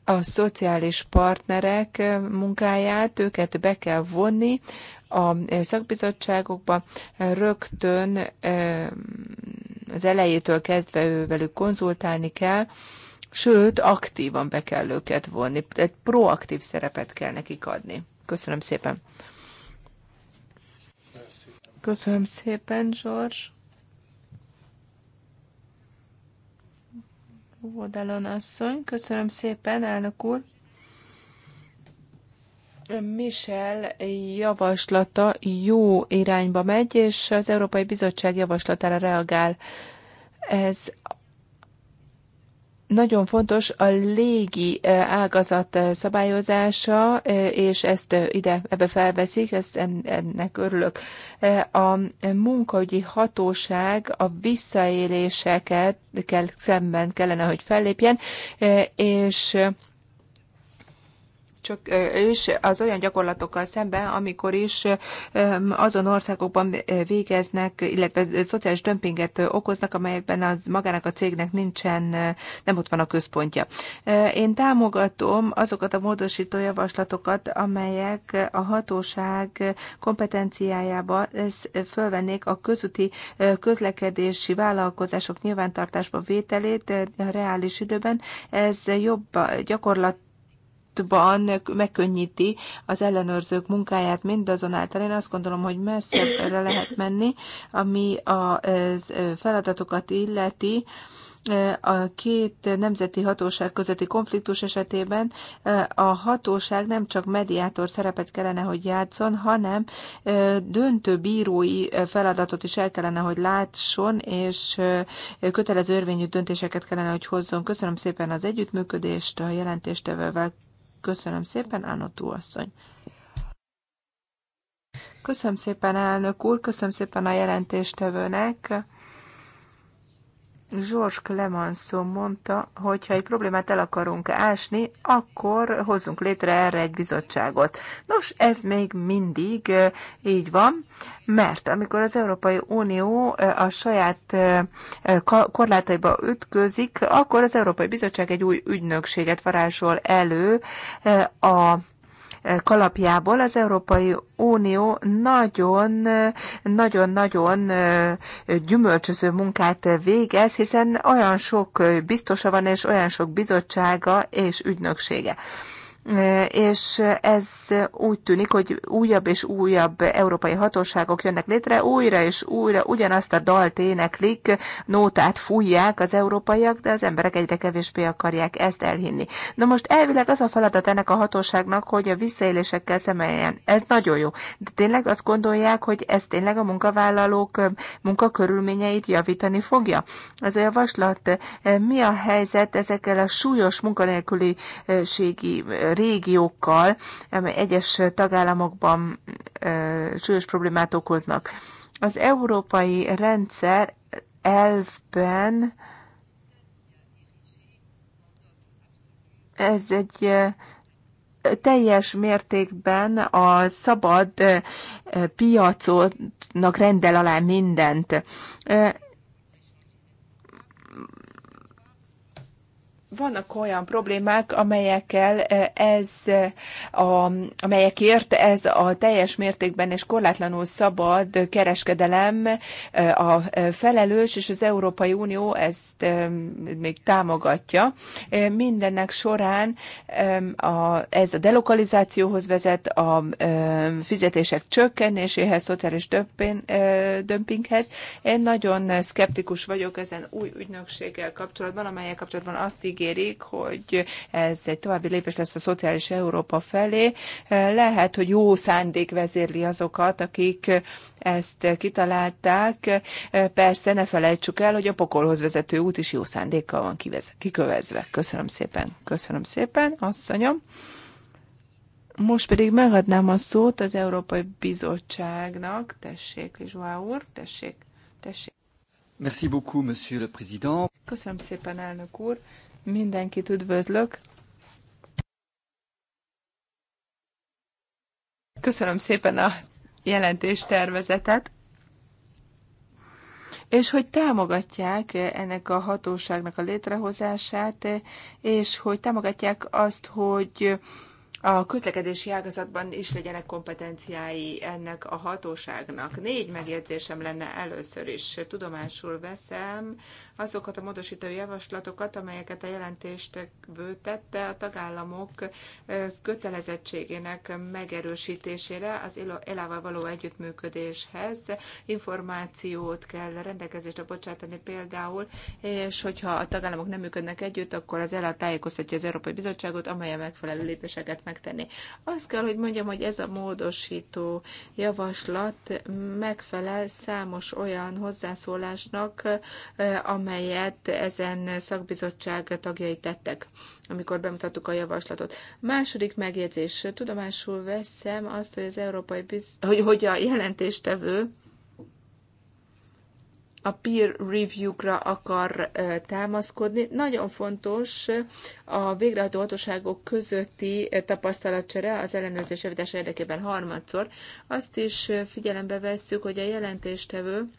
a szociális partnerek munkáját, őket be kell vonni a szakbizottságokba, rögtön az elejétől kezdve ő velük konzultálni kell, sőt, aktívan be kell őket vonni, egy proaktív szerepet kell nekik adni. Köszönöm szépen. Köszönöm szépen, George. Vodalon asszony, köszönöm szépen, elnök úr. Michel javaslata jó irányba megy, és az Európai Bizottság javaslatára reagál. Ez nagyon fontos a légi eh, ágazat eh, szabályozása, eh, és ezt ide ebbe felveszik, ezt ennek örülök. A munkaügyi hatóság a visszaéléseket kell, szemben kellene, hogy fellépjen, és csak és az olyan gyakorlatokkal szemben, amikor is azon országokban végeznek, illetve szociális dömpinget okoznak, amelyekben az magának a cégnek nincsen, nem ott van a központja. Én támogatom azokat a módosító javaslatokat, amelyek a hatóság kompetenciájába fölvennék a közúti közlekedési vállalkozások nyilvántartásba vételét a reális időben. Ez jobb gyakorlat ban megkönnyíti az ellenőrzők munkáját mindazonáltal. Én azt gondolom, hogy messzebbre lehet menni, ami a feladatokat illeti, a két nemzeti hatóság közötti konfliktus esetében a hatóság nem csak mediátor szerepet kellene, hogy játszon, hanem döntő bírói feladatot is el kellene, hogy látson, és kötelező érvényű döntéseket kellene, hogy hozzon. Köszönöm szépen az együttműködést a jelentéstevővel Köszönöm szépen, Ánotú asszony. Köszönöm szépen, elnök úr, köszönöm szépen a jelentéstevőnek Georges Clemenceau mondta, hogy ha egy problémát el akarunk ásni, akkor hozzunk létre erre egy bizottságot. Nos, ez még mindig így van, mert amikor az Európai Unió a saját korlátaiba ütközik, akkor az Európai Bizottság egy új ügynökséget varázsol elő a kalapjából az Európai Unió nagyon, nagyon-nagyon gyümölcsöző munkát végez, hiszen olyan sok biztosa van, és olyan sok bizottsága és ügynöksége és ez úgy tűnik, hogy újabb és újabb európai hatóságok jönnek létre, újra és újra ugyanazt a dalt éneklik, nótát fújják az európaiak, de az emberek egyre kevésbé akarják ezt elhinni. Na most elvileg az a feladat ennek a hatóságnak, hogy a visszaélésekkel szemeljen. Ez nagyon jó. De tényleg azt gondolják, hogy ez tényleg a munkavállalók munkakörülményeit javítani fogja? Ez a javaslat. Mi a helyzet ezekkel a súlyos munkanélküliségi régiókkal, amely egyes tagállamokban súlyos problémát okoznak. Az európai rendszer elvben ez egy teljes mértékben a szabad piacotnak rendel alá mindent. vannak olyan problémák, amelyekkel e, ez, a, amelyekért ez a teljes mértékben és korlátlanul szabad kereskedelem e, a e, felelős, és az Európai Unió ezt még támogatja. Mindennek során a, ez a delokalizációhoz vezet, a fizetések csökkenéséhez, szociális dömpinghez. Én nagyon szkeptikus vagyok ezen új ügynökséggel kapcsolatban, amelyek kapcsolatban azt ígér, ígérik, hogy ez egy további lépés lesz a szociális Európa felé. Lehet, hogy jó szándék vezérli azokat, akik ezt kitalálták. Persze ne felejtsük el, hogy a pokolhoz vezető út is jó szándékkal van kikövezve. Köszönöm szépen, köszönöm szépen, asszonyom. Most pedig megadnám a szót az Európai Bizottságnak. Tessék, Lizsóá úr, tessék, tessék. Merci beaucoup, monsieur le président. Köszönöm szépen, elnök úr. Mindenkit üdvözlök. Köszönöm szépen a jelentéstervezetet, és hogy támogatják ennek a hatóságnak a létrehozását, és hogy támogatják azt, hogy a közlekedési ágazatban is legyenek kompetenciái ennek a hatóságnak. Négy megjegyzésem lenne először is. Tudomásul veszem azokat a módosító javaslatokat, amelyeket a jelentést vőtette a tagállamok kötelezettségének megerősítésére az elával való együttműködéshez. Információt kell rendelkezésre bocsátani például, és hogyha a tagállamok nem működnek együtt, akkor az ELA tájékoztatja az Európai Bizottságot, amely a megfelelő lépéseket megtenni. Azt kell, hogy mondjam, hogy ez a módosító javaslat megfelel számos olyan hozzászólásnak, amelyet ezen szakbizottság tagjai tettek amikor bemutattuk a javaslatot. Második megjegyzés. Tudomásul veszem azt, hogy az Európai Biz... hogy, hogy a jelentéstevő a peer review-kra akar támaszkodni. Nagyon fontos a végrehajtó hatóságok közötti tapasztalatcsere az ellenőrzés javítása érdekében harmadszor. Azt is figyelembe vesszük, hogy a jelentéstevő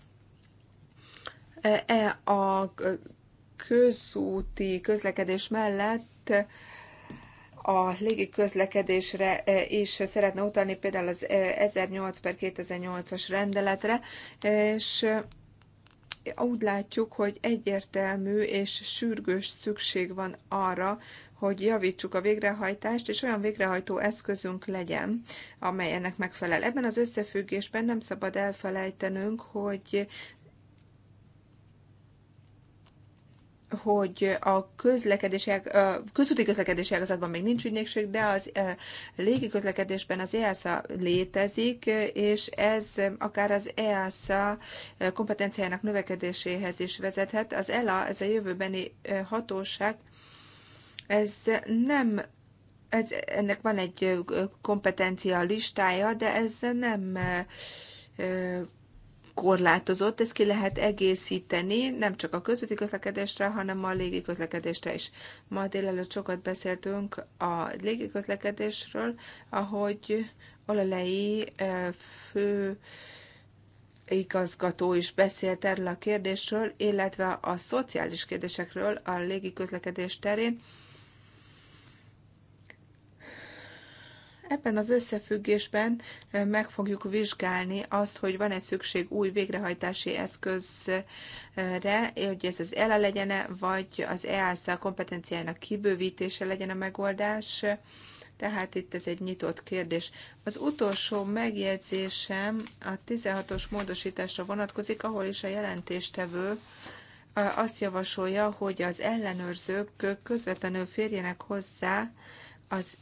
e a közúti közlekedés mellett a légi közlekedésre is szeretne utalni, például az 1008 per 2008-as rendeletre, és úgy látjuk, hogy egyértelmű és sürgős szükség van arra, hogy javítsuk a végrehajtást, és olyan végrehajtó eszközünk legyen, amely ennek megfelel. Ebben az összefüggésben nem szabad elfelejtenünk, hogy hogy a közlekedési, a közúti közlekedési ágazatban még nincs ügynökség, de az légi közlekedésben az EASA létezik, és ez akár az EASA kompetenciájának növekedéséhez is vezethet. Az ELA, ez a jövőbeni hatóság, ez nem ez, ennek van egy kompetencia listája, de ez nem korlátozott, ezt ki lehet egészíteni, nem csak a közúti közlekedésre, hanem a légiközlekedésre is. Ma délelőtt sokat beszéltünk a légiközlekedésről, ahogy olalei fő igazgató is beszélt erről a kérdésről, illetve a szociális kérdésekről a légiközlekedés terén. Ebben az összefüggésben meg fogjuk vizsgálni azt, hogy van-e szükség új végrehajtási eszközre, hogy ez az ELA legyen vagy az EASA kompetenciának kibővítése legyen a megoldás. Tehát itt ez egy nyitott kérdés. Az utolsó megjegyzésem a 16-os módosításra vonatkozik, ahol is a jelentéstevő azt javasolja, hogy az ellenőrzők közvetlenül férjenek hozzá az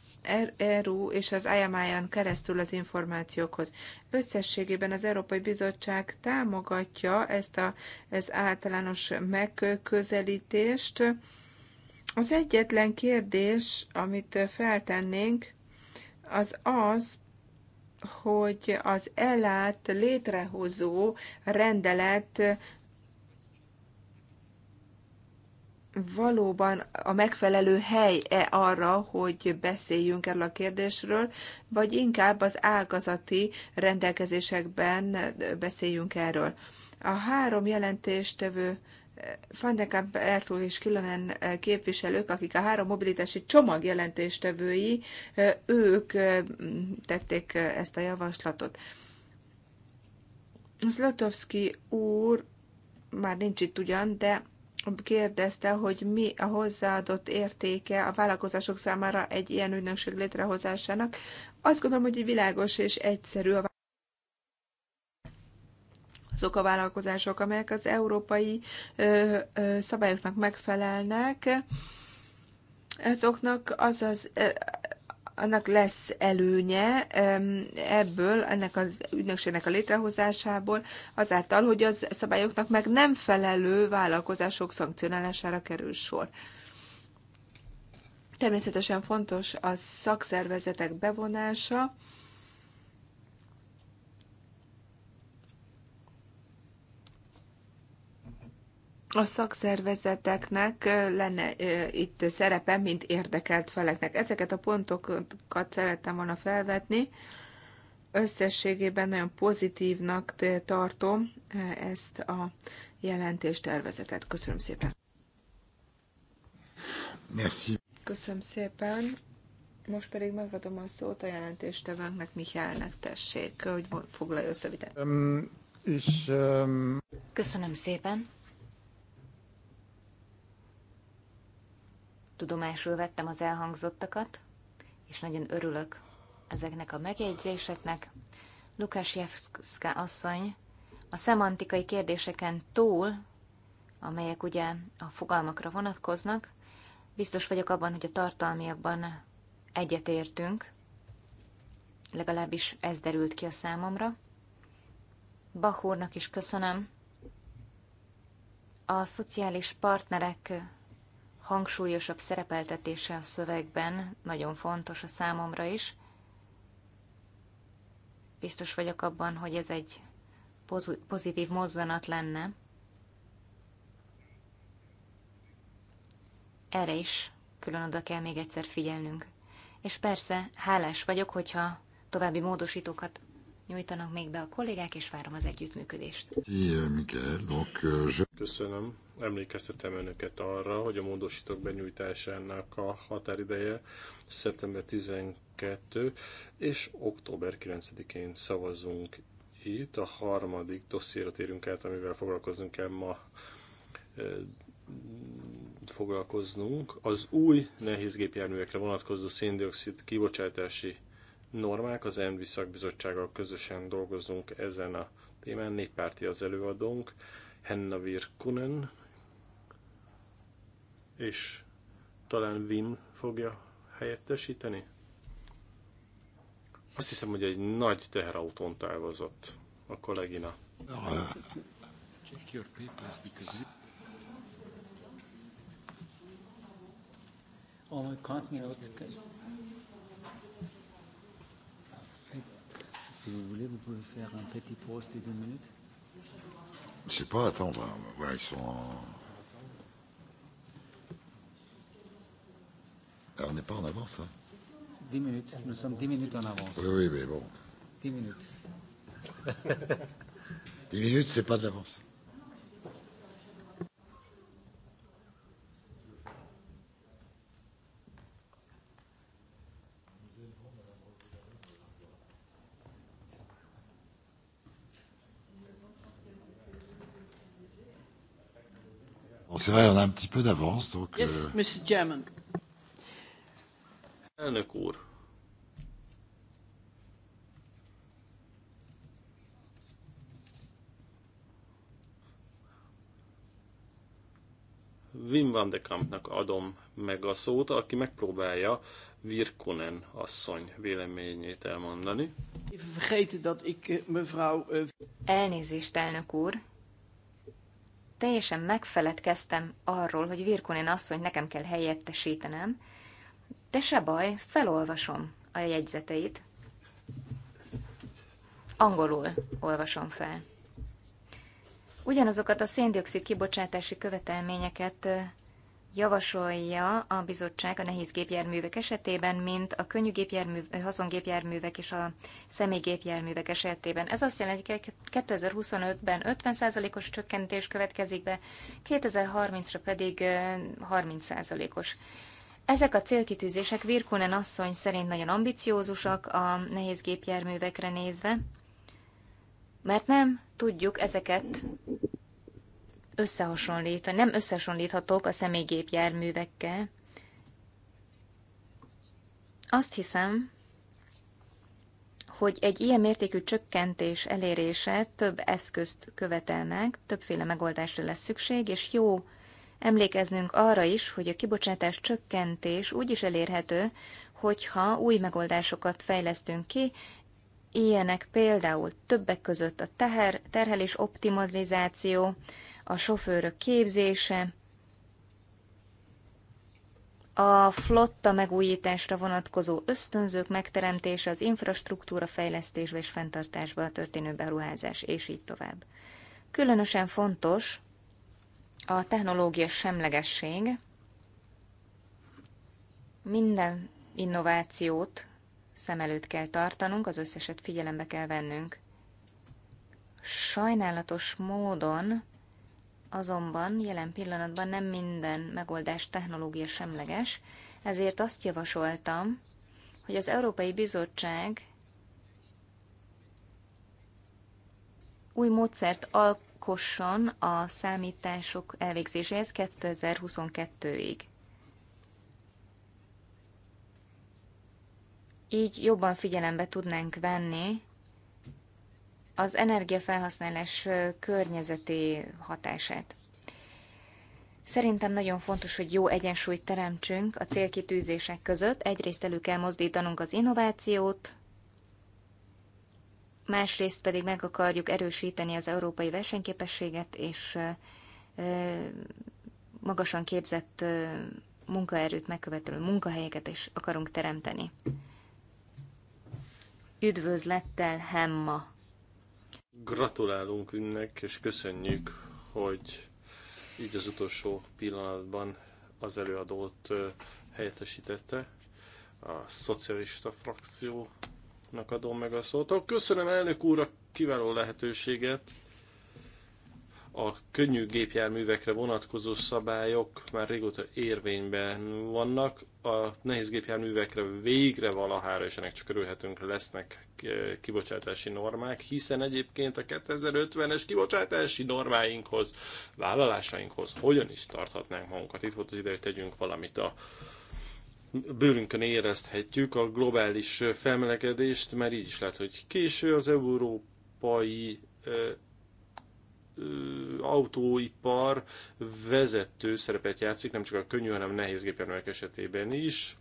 ERU e és az IMI-on keresztül az információkhoz. Összességében az Európai Bizottság támogatja ezt a, az általános megközelítést. Az egyetlen kérdés, amit feltennénk, az az, hogy az elát létrehozó rendelet valóban a megfelelő hely-e arra, hogy beszéljünk erről a kérdésről, vagy inkább az ágazati rendelkezésekben beszéljünk erről. A három jelentéstevő Fandekamp, Ertól és Kilonen képviselők, akik a három mobilitási csomag jelentéstevői, ők tették ezt a javaslatot. Zlotowski úr már nincs itt ugyan, de kérdezte, hogy mi a hozzáadott értéke a vállalkozások számára egy ilyen ügynökség létrehozásának. Azt gondolom, hogy világos és egyszerű a azok a vállalkozások, amelyek az európai ö, ö, szabályoknak megfelelnek, azoknak az az annak lesz előnye ebből, ennek az ügynökségnek a létrehozásából, azáltal, hogy az szabályoknak meg nem felelő vállalkozások szankcionálására kerül sor. Természetesen fontos a szakszervezetek bevonása, a szakszervezeteknek lenne itt szerepe, mint érdekelt feleknek. Ezeket a pontokat szerettem volna felvetni. Összességében nagyon pozitívnak tartom ezt a jelentéstervezetet. Köszönöm szépen. Merci. Köszönöm szépen. Most pedig megadom a szót a jelentéstevőnknek, Mihálynak tessék, hogy foglalja össze vitát. Um, és, um... Köszönöm szépen. Tudomásul vettem az elhangzottakat, és nagyon örülök ezeknek a megjegyzéseknek. Jevszka asszony a szemantikai kérdéseken túl, amelyek ugye a fogalmakra vonatkoznak, biztos vagyok abban, hogy a tartalmiakban egyetértünk, legalábbis ez derült ki a számomra. Bach úrnak is köszönöm. A szociális partnerek hangsúlyosabb szerepeltetése a szövegben nagyon fontos a számomra is. Biztos vagyok abban, hogy ez egy pozitív mozzanat lenne. Erre is külön oda kell még egyszer figyelnünk. És persze, hálás vagyok, hogyha további módosítókat nyújtanak még be a kollégák, és várom az együttműködést. Euh, Köszönöm. Emlékeztetem önöket arra, hogy a módosítók benyújtásának a határideje szeptember 12 és október 9-én szavazunk itt. A harmadik dossziéra térünk át, amivel foglalkozunk, kell ma foglalkoznunk. Az új nehézgépjárművekre vonatkozó széndiokszid kibocsátási normák. Az ENVI szakbizottsággal közösen dolgozunk ezen a témán. Néppárti az előadónk, Henna Virkunen, és talán Vim fogja helyettesíteni. Azt hiszem, hogy egy nagy teherautón távozott a kollégina. Oh, my Si vous voulez, vous pouvez faire un petit pause de deux minutes. Je sais pas, attends, on va, on voir, ils sont en... Alors, ah, on n'est pas en avance, hein Dix minutes, nous sommes dix minutes en avance. Oui, oui, mais bon. Dix minutes. dix minutes, c'est pas de l'avance. c'est vrai, on a un petit peu d'avance, donc... Yes, euh... Monsieur Chairman. Elnök úr. Wim van de Kampnak adom meg a szót, aki megpróbálja Virkonen asszony véleményét elmondani. Eh, eh, Elnézést, elnök úr, teljesen megfeledkeztem arról, hogy Virkonen asszony nekem kell helyettesítenem, de se baj, felolvasom a jegyzeteit. Angolul olvasom fel. Ugyanazokat a széndiokszid kibocsátási követelményeket javasolja a bizottság a nehéz gépjárművek esetében, mint a könnyű gépjármű, haszongépjárművek és a személygépjárművek esetében. Ez azt jelenti, hogy 2025-ben 50%-os csökkentés következik be, 2030-ra pedig 30%-os. Ezek a célkitűzések Virkunen asszony szerint nagyon ambiciózusak a nehéz gépjárművekre nézve, mert nem tudjuk ezeket összehasonlít, nem összehasonlíthatók a személygépjárművekkel. Azt hiszem, hogy egy ilyen mértékű csökkentés elérése több eszközt követel meg, többféle megoldásra lesz szükség, és jó emlékeznünk arra is, hogy a kibocsátás csökkentés úgy is elérhető, hogyha új megoldásokat fejlesztünk ki, ilyenek például többek között a teher, terhelés optimalizáció, a sofőrök képzése, a flotta megújításra vonatkozó ösztönzők megteremtése, az infrastruktúra fejlesztésbe és fenntartásba a történő beruházás, és így tovább. Különösen fontos a technológia semlegesség. Minden innovációt szem előtt kell tartanunk, az összeset figyelembe kell vennünk. Sajnálatos módon azonban jelen pillanatban nem minden megoldás technológia semleges, ezért azt javasoltam, hogy az Európai Bizottság új módszert alkosson a számítások elvégzéséhez 2022-ig. Így jobban figyelembe tudnánk venni az energiafelhasználás környezeti hatását. Szerintem nagyon fontos, hogy jó egyensúlyt teremtsünk a célkitűzések között. Egyrészt elő kell mozdítanunk az innovációt, másrészt pedig meg akarjuk erősíteni az európai versenyképességet és magasan képzett munkaerőt megkövetelő munkahelyeket is akarunk teremteni. Üdvözlettel, Hemma Gratulálunk önnek, és köszönjük, hogy így az utolsó pillanatban az előadót helyettesítette. A szocialista frakciónak adom meg a szót. Köszönöm elnök úr a kiváló lehetőséget a könnyű gépjárművekre vonatkozó szabályok már régóta érvényben vannak, a nehéz gépjárművekre végre valahára, és ennek csak örülhetünk, lesznek eh, kibocsátási normák, hiszen egyébként a 2050-es kibocsátási normáinkhoz, vállalásainkhoz hogyan is tarthatnánk magunkat. Itt volt az ideje, hogy tegyünk valamit a bőrünkön érezhetjük a globális felmelegedést, mert így is lehet, hogy késő az európai eh, autóipar vezető szerepet játszik, nem csak a könnyű, hanem a nehéz gépjárművek esetében is.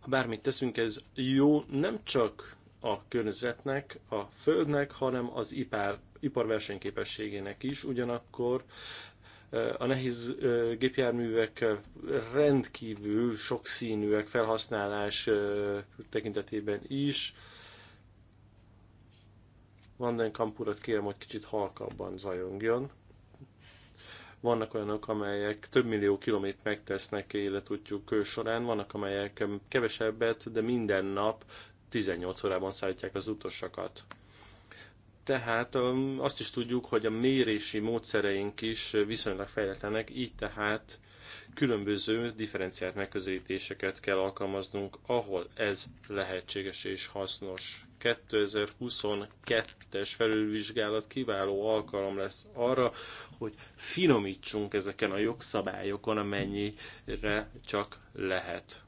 Ha bármit teszünk, ez jó nem csak a környezetnek, a földnek, hanem az ipar, ipar versenyképességének is. Ugyanakkor a nehéz gépjárművek rendkívül sokszínűek felhasználás tekintetében is Vanden Kampurat kérem, hogy kicsit halkabban zajongjon. Vannak olyanok, amelyek több millió kilométert megtesznek életútjuk során, vannak amelyek kevesebbet, de minden nap 18 órában szállítják az utasokat. Tehát um, azt is tudjuk, hogy a mérési módszereink is viszonylag fejletlenek, így tehát különböző differenciált megközelítéseket kell alkalmaznunk, ahol ez lehetséges és hasznos. 2022-es felülvizsgálat kiváló alkalom lesz arra, hogy finomítsunk ezeken a jogszabályokon, amennyire csak lehet.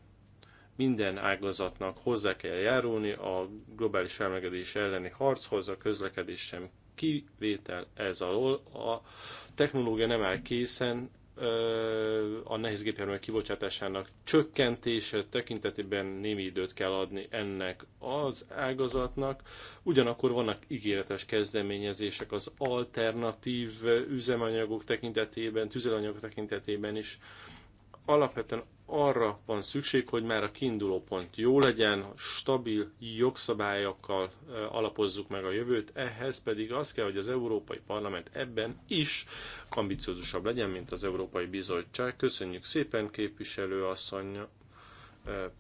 Minden ágazatnak hozzá kell járulni a globális felmegedés elleni harchoz, a közlekedés sem kivétel ez alól. A technológia nem áll készen, a nehéz gépjárművek kibocsátásának csökkentése tekintetében némi időt kell adni ennek az ágazatnak. Ugyanakkor vannak ígéretes kezdeményezések az alternatív üzemanyagok tekintetében, tüzelanyagok tekintetében is. Alapvetően arra van szükség, hogy már a kiinduló pont jó legyen, stabil jogszabályokkal alapozzuk meg a jövőt, ehhez pedig az kell, hogy az Európai Parlament ebben is ambiciózusabb legyen, mint az Európai Bizottság. Köszönjük szépen, képviselő asszony,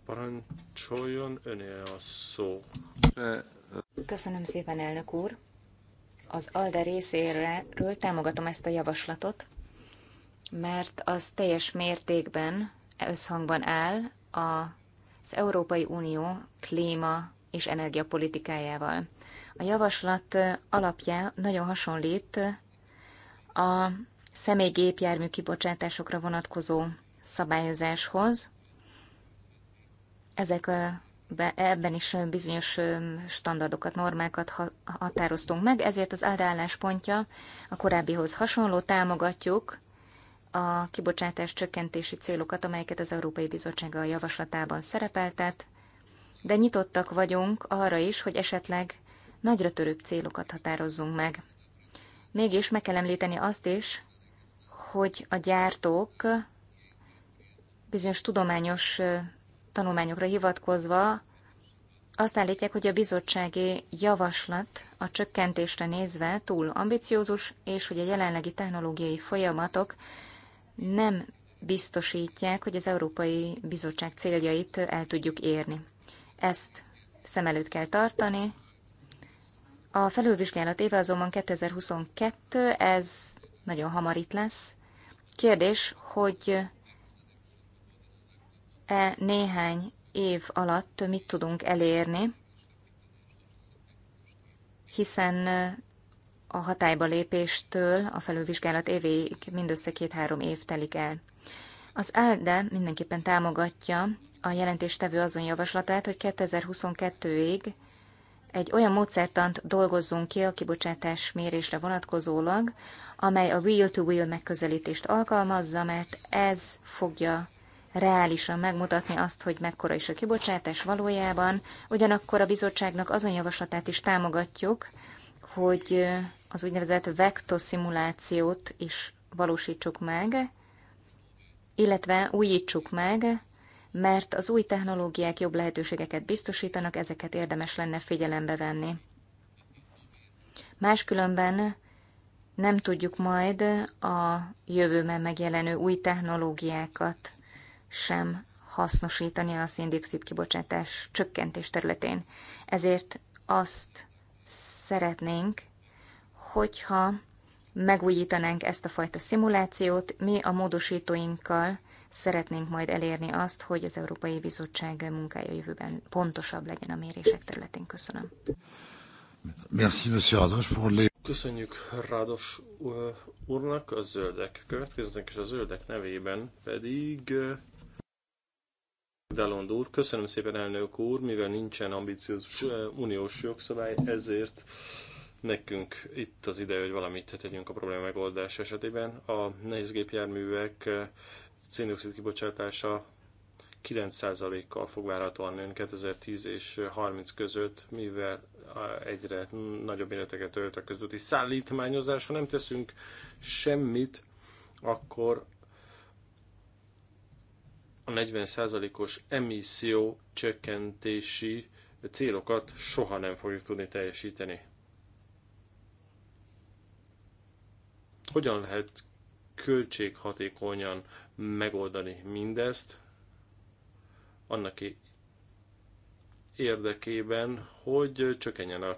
parancsoljon, öné a szó. Köszönöm szépen, elnök úr. Az ALDE részéről támogatom ezt a javaslatot, mert az teljes mértékben összhangban áll az Európai Unió klíma és energiapolitikájával. A javaslat alapja nagyon hasonlít a személygépjármű kibocsátásokra vonatkozó szabályozáshoz. Ezek a ebben is bizonyos standardokat, normákat határoztunk meg, ezért az áldálláspontja a korábbihoz hasonló, támogatjuk a kibocsátás csökkentési célokat, amelyeket az Európai Bizottság a javaslatában szerepeltet, de nyitottak vagyunk arra is, hogy esetleg nagyra törőbb célokat határozzunk meg. Mégis meg kell említeni azt is, hogy a gyártók bizonyos tudományos tanulmányokra hivatkozva azt állítják, hogy a bizottsági javaslat a csökkentésre nézve túl ambiciózus, és hogy a jelenlegi technológiai folyamatok nem biztosítják, hogy az Európai Bizottság céljait el tudjuk érni. Ezt szem előtt kell tartani. A felülvizsgálat éve azonban 2022, ez nagyon hamar itt lesz. Kérdés, hogy e néhány év alatt mit tudunk elérni, hiszen a hatályba lépéstől a felülvizsgálat évéig mindössze két-három év telik el. Az ALDE mindenképpen támogatja a jelentéstevő azon javaslatát, hogy 2022-ig egy olyan módszertant dolgozzunk ki a kibocsátás mérésre vonatkozólag, amely a wheel-to-wheel -wheel megközelítést alkalmazza, mert ez fogja reálisan megmutatni azt, hogy mekkora is a kibocsátás valójában, ugyanakkor a bizottságnak azon javaslatát is támogatjuk, hogy az úgynevezett vektoszimulációt is valósítsuk meg, illetve újítsuk meg, mert az új technológiák jobb lehetőségeket biztosítanak, ezeket érdemes lenne figyelembe venni. Máskülönben nem tudjuk majd a jövőben megjelenő új technológiákat sem hasznosítani a széndiokszid kibocsátás csökkentés területén. Ezért azt szeretnénk, hogyha megújítanánk ezt a fajta szimulációt, mi a módosítóinkkal szeretnénk majd elérni azt, hogy az Európai Bizottság munkája jövőben pontosabb legyen a mérések területén. Köszönöm. Merci, Rados, pour les... Köszönjük Rádos uh, úrnak, a zöldek következnek, és a zöldek nevében pedig uh, Delond úr, köszönöm szépen elnök úr, mivel nincsen ambiciózus uh, uniós jogszabály, ezért Nekünk itt az ideje, hogy valamit tegyünk a probléma megoldás esetében. A gépjárművek eh, széndiokszid kibocsátása 9%-kal fog várhatóan nőni 2010 és 30 között, mivel eh, egyre nagyobb életeket ölt a közúti szállítmányozás. Ha nem teszünk semmit, akkor a 40%-os emisszió csökkentési célokat soha nem fogjuk tudni teljesíteni. Hogyan lehet költséghatékonyan megoldani mindezt annak érdekében, hogy csökkenjen a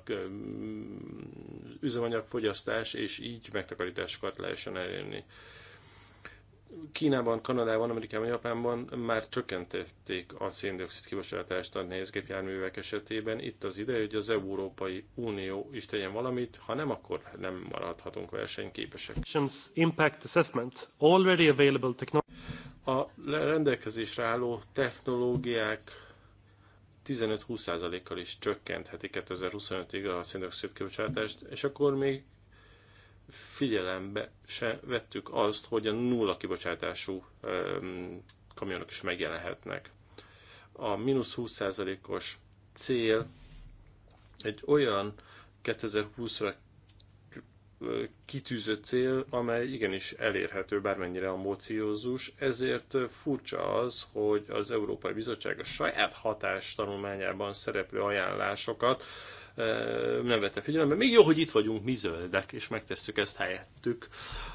üzemanyagfogyasztás, és így megtakarításokat lehessen elérni. Kínában, Kanadában, Amerikában, Japánban már csökkentették a széndiokszid kibocsátást a nehézgépjárművek esetében. Itt az ideje, hogy az Európai Unió is tegyen valamit, ha nem, akkor nem maradhatunk versenyképesek. Impact assessment, already available technology. A rendelkezésre álló technológiák 15-20%-kal is csökkenthetik 2025-ig a széndiokszid kibocsátást, és akkor még figyelembe se vettük azt, hogy a nulla kibocsátású kamionok is megjelenhetnek. A mínusz 20%-os cél egy olyan 2020-ra kitűzött cél, amely igenis elérhető, bármennyire ambiciózus, ezért furcsa az, hogy az Európai Bizottság a saját hatás tanulmányában szereplő ajánlásokat nem vette figyelembe. Még jó, hogy itt vagyunk mi zöldek, és megtesszük ezt helyettük.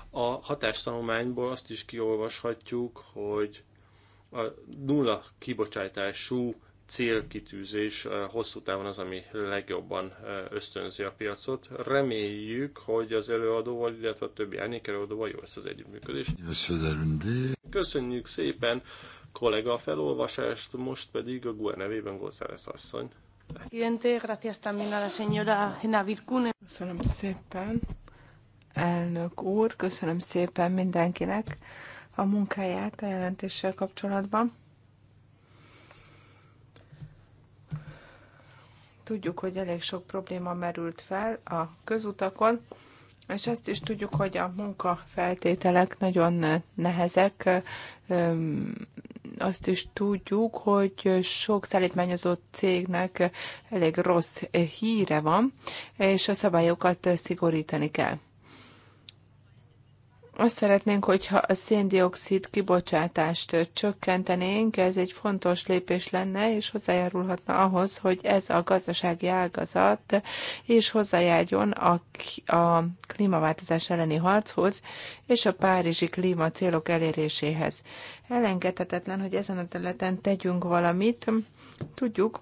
A hatástanulmányból azt is kiolvashatjuk, hogy a nulla kibocsátású célkitűzés hosszú távon az, ami legjobban ösztönzi a piacot. Reméljük, hogy az előadóval, illetve a többi előadóval jó lesz az együttműködés. Köszönjük szépen, kollega a felolvasást, most pedig a GUE nevében González asszony. Köszönöm szépen, elnök úr, köszönöm szépen mindenkinek a munkáját a jelentéssel kapcsolatban. Tudjuk, hogy elég sok probléma merült fel a közutakon, és azt is tudjuk, hogy a munkafeltételek nagyon nehezek, azt is tudjuk, hogy sok szállítmányozott cégnek elég rossz híre van, és a szabályokat szigorítani kell. Azt szeretnénk, hogyha a széndiokszid kibocsátást csökkentenénk, ez egy fontos lépés lenne, és hozzájárulhatna ahhoz, hogy ez a gazdasági ágazat is hozzájárjon a, a klímaváltozás elleni harchoz és a párizsi klímacélok eléréséhez. Elengedhetetlen, hogy ezen a területen tegyünk valamit. Tudjuk,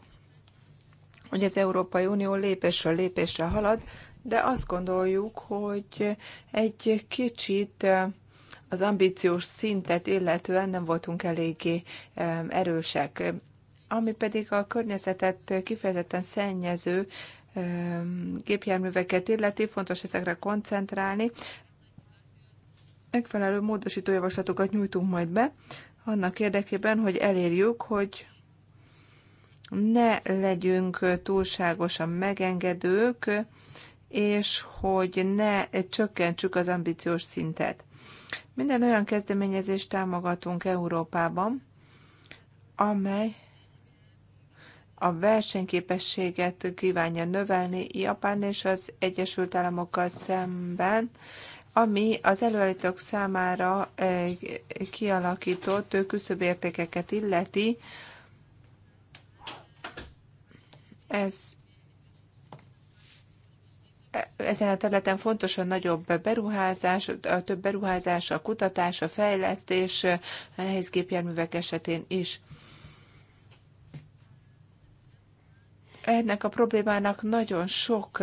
hogy az Európai Unió lépésről lépésre halad, de azt gondoljuk, hogy egy kicsit eh, az ambíciós szintet illetően nem voltunk eléggé eh, erősek. Ami pedig a környezetet kifejezetten szennyező eh, gépjárműveket illeti, fontos ezekre koncentrálni. Megfelelő módosító javaslatokat nyújtunk majd be, annak érdekében, hogy elérjük, hogy ne legyünk túlságosan megengedők, és hogy ne csökkentsük az ambíciós szintet. Minden olyan kezdeményezést támogatunk Európában, amely a versenyképességet kívánja növelni Japán és az Egyesült Államokkal szemben, ami az előállítók számára eh, kialakított küszöbértékeket illeti. Ez ezen a területen fontos a nagyobb beruházás, a több beruházás, a kutatás, a fejlesztés a nehéz gépjárművek esetén is. Ennek a problémának nagyon sok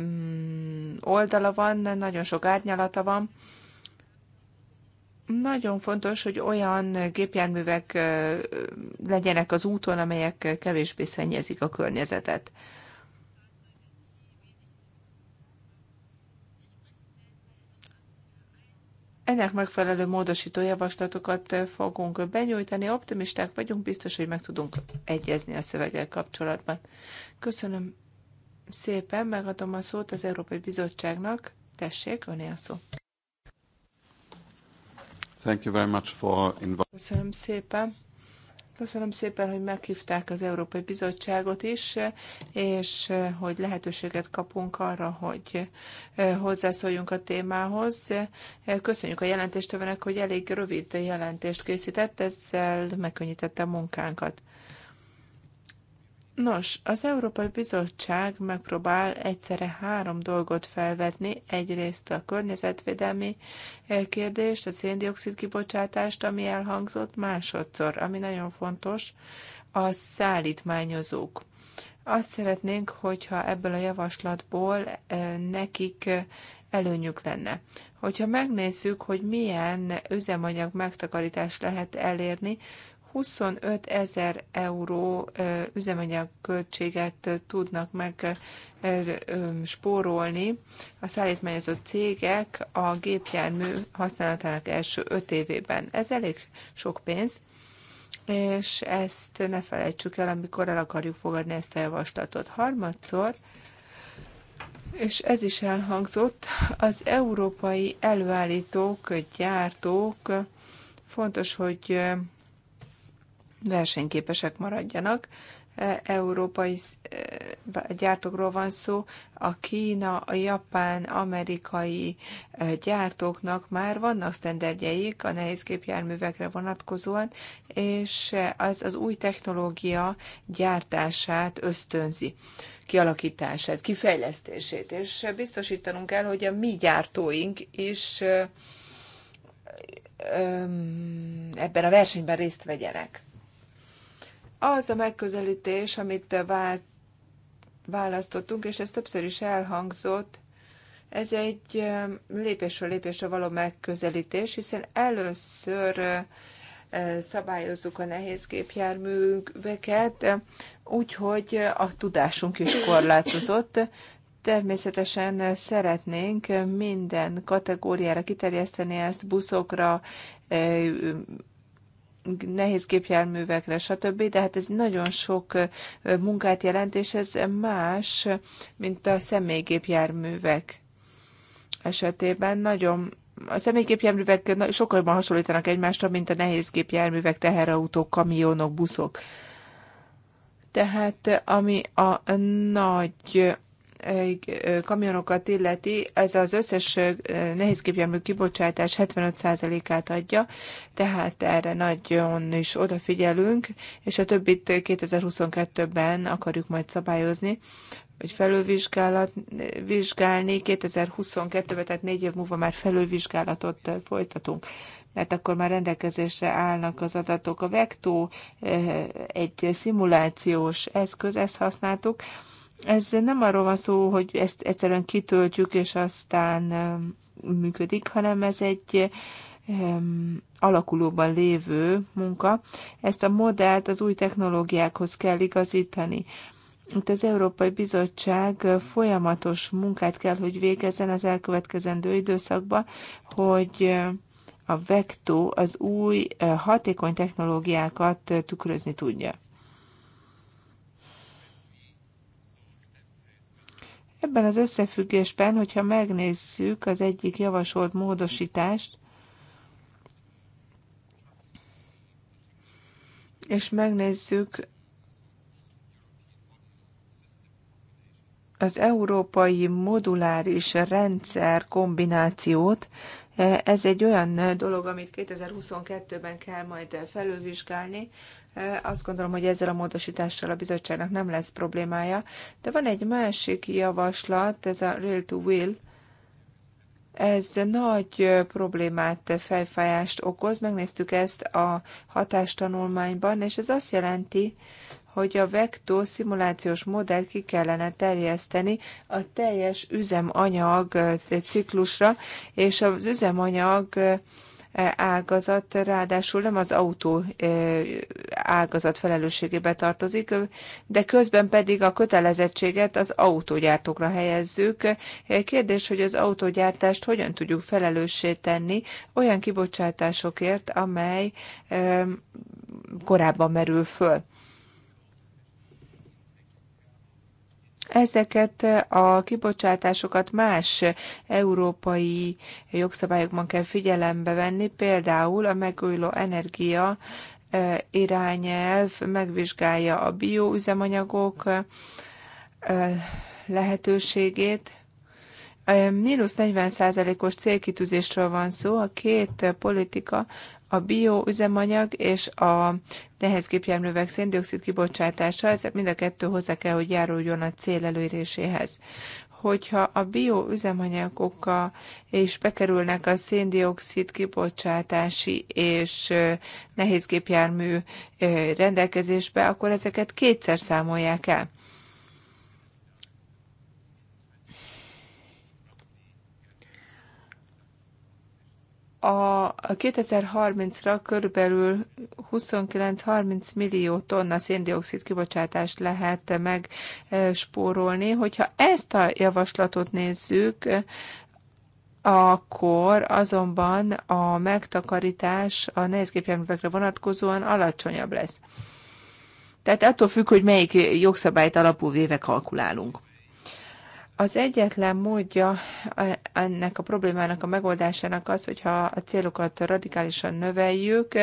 mm, oldala van, nagyon sok árnyalata van. Nagyon fontos, hogy olyan gépjárművek legyenek az úton, amelyek kevésbé szennyezik a környezetet. Ennek megfelelő módosító javaslatokat fogunk benyújtani. Optimisták vagyunk, biztos, hogy meg tudunk egyezni a szöveggel kapcsolatban. Köszönöm szépen, megadom a szót az Európai Bizottságnak. Tessék, öné a szó. Thank you very much for Köszönöm szépen Köszönöm szépen, hogy meghívták az Európai Bizottságot is, és hogy lehetőséget kapunk arra, hogy hozzászóljunk a témához. Köszönjük a jelentéstevőnek, hogy elég rövid jelentést készített, ezzel megkönnyítette a munkánkat. Nos, az Európai Bizottság megpróbál egyszerre három dolgot felvetni. Egyrészt a környezetvédelmi e, kérdést, a széndiokszid kibocsátást, ami elhangzott másodszor, ami nagyon fontos, a szállítmányozók. Azt szeretnénk, hogyha ebből a javaslatból e, nekik e, előnyük lenne. Hogyha megnézzük, hogy milyen üzemanyag megtakarítást lehet elérni, 25 ezer euró üzemanyag költséget tudnak meg spórolni a szállítmányozott cégek a gépjármű használatának első 5 évében. Ez elég sok pénz, és ezt ne felejtsük el, amikor el akarjuk fogadni ezt a javaslatot. Harmadszor, és ez is elhangzott, az európai előállítók, gyártók fontos, hogy versenyképesek maradjanak. E, európai e, gyártókról van szó, a Kína, a japán, amerikai e, gyártóknak már vannak sztenderdjeik a nehézgépjárművekre vonatkozóan, és az az új technológia gyártását ösztönzi kialakítását, kifejlesztését, és biztosítanunk kell, hogy a mi gyártóink is ebben a versenyben részt vegyenek. Az a megközelítés, amit vált, választottunk, és ez többször is elhangzott, ez egy lépésről lépésre való megközelítés, hiszen először szabályozzuk a nehéz gépjárműveket, úgyhogy a tudásunk is korlátozott. Természetesen szeretnénk minden kategóriára kiterjeszteni ezt, buszokra, nehéz gépjárművekre, stb., de hát ez nagyon sok munkát jelent, és ez más, mint a személygépjárművek esetében. Nagyon a személygépjárművek sokkal jobban hasonlítanak egymásra, mint a nehéz gépjárművek, teherautók, kamionok, buszok. Tehát ami a nagy kamionokat illeti, ez az összes nehézgépjármű kibocsátás 75%-át adja, tehát erre nagyon is odafigyelünk, és a többit 2022-ben akarjuk majd szabályozni, felülvizsgálat vizsgálni 2022-ben, tehát négy év múlva már felülvizsgálatot folytatunk mert akkor már rendelkezésre állnak az adatok. A Vecto egy szimulációs eszköz, ezt használtuk, ez nem arról van szó, hogy ezt egyszerűen kitöltjük, és aztán működik, hanem ez egy alakulóban lévő munka. Ezt a modellt az új technológiákhoz kell igazítani. Itt az Európai Bizottság folyamatos munkát kell, hogy végezzen az elkövetkezendő időszakban, hogy a Vecto az új hatékony technológiákat tükrözni tudja. Ebben az összefüggésben, hogyha megnézzük az egyik javasolt módosítást, és megnézzük az európai moduláris rendszer kombinációt, ez egy olyan dolog, amit 2022-ben kell majd felülvizsgálni. Azt gondolom, hogy ezzel a módosítással a bizottságnak nem lesz problémája, de van egy másik javaslat, ez a Real to Will, ez nagy problémát, fejfájást okoz. Megnéztük ezt a hatástanulmányban, és ez azt jelenti, hogy a vektó szimulációs modell ki kellene terjeszteni a teljes üzemanyag ciklusra, és az üzemanyag ágazat, ráadásul nem az autó ágazat felelősségébe tartozik, de közben pedig a kötelezettséget az autógyártókra helyezzük. Kérdés, hogy az autógyártást hogyan tudjuk felelőssé tenni olyan kibocsátásokért, amely korábban merül föl. ezeket a kibocsátásokat más európai jogszabályokban kell figyelembe venni, például a megújuló energia e, irányelv megvizsgálja a bioüzemanyagok e, lehetőségét, e, Mínusz 40 százalékos célkitűzésről van szó, a két politika a bioüzemanyag és a nehéz képjárművek széndiokszid kibocsátása, ez mind a kettő hozzá kell, hogy járuljon a cél eléréséhez. Hogyha a bioüzemanyagokkal és bekerülnek a széndiokszid kibocsátási és gépjármű rendelkezésbe, akkor ezeket kétszer számolják el. a 2030-ra körülbelül 29-30 millió tonna széndiokszid kibocsátást lehet megspórolni. Hogyha ezt a javaslatot nézzük, akkor azonban a megtakarítás a nehézgépjárművekre vonatkozóan alacsonyabb lesz. Tehát attól függ, hogy melyik jogszabályt alapul véve kalkulálunk. Az egyetlen módja e, ennek a problémának a megoldásának az, hogyha a célokat radikálisan növeljük,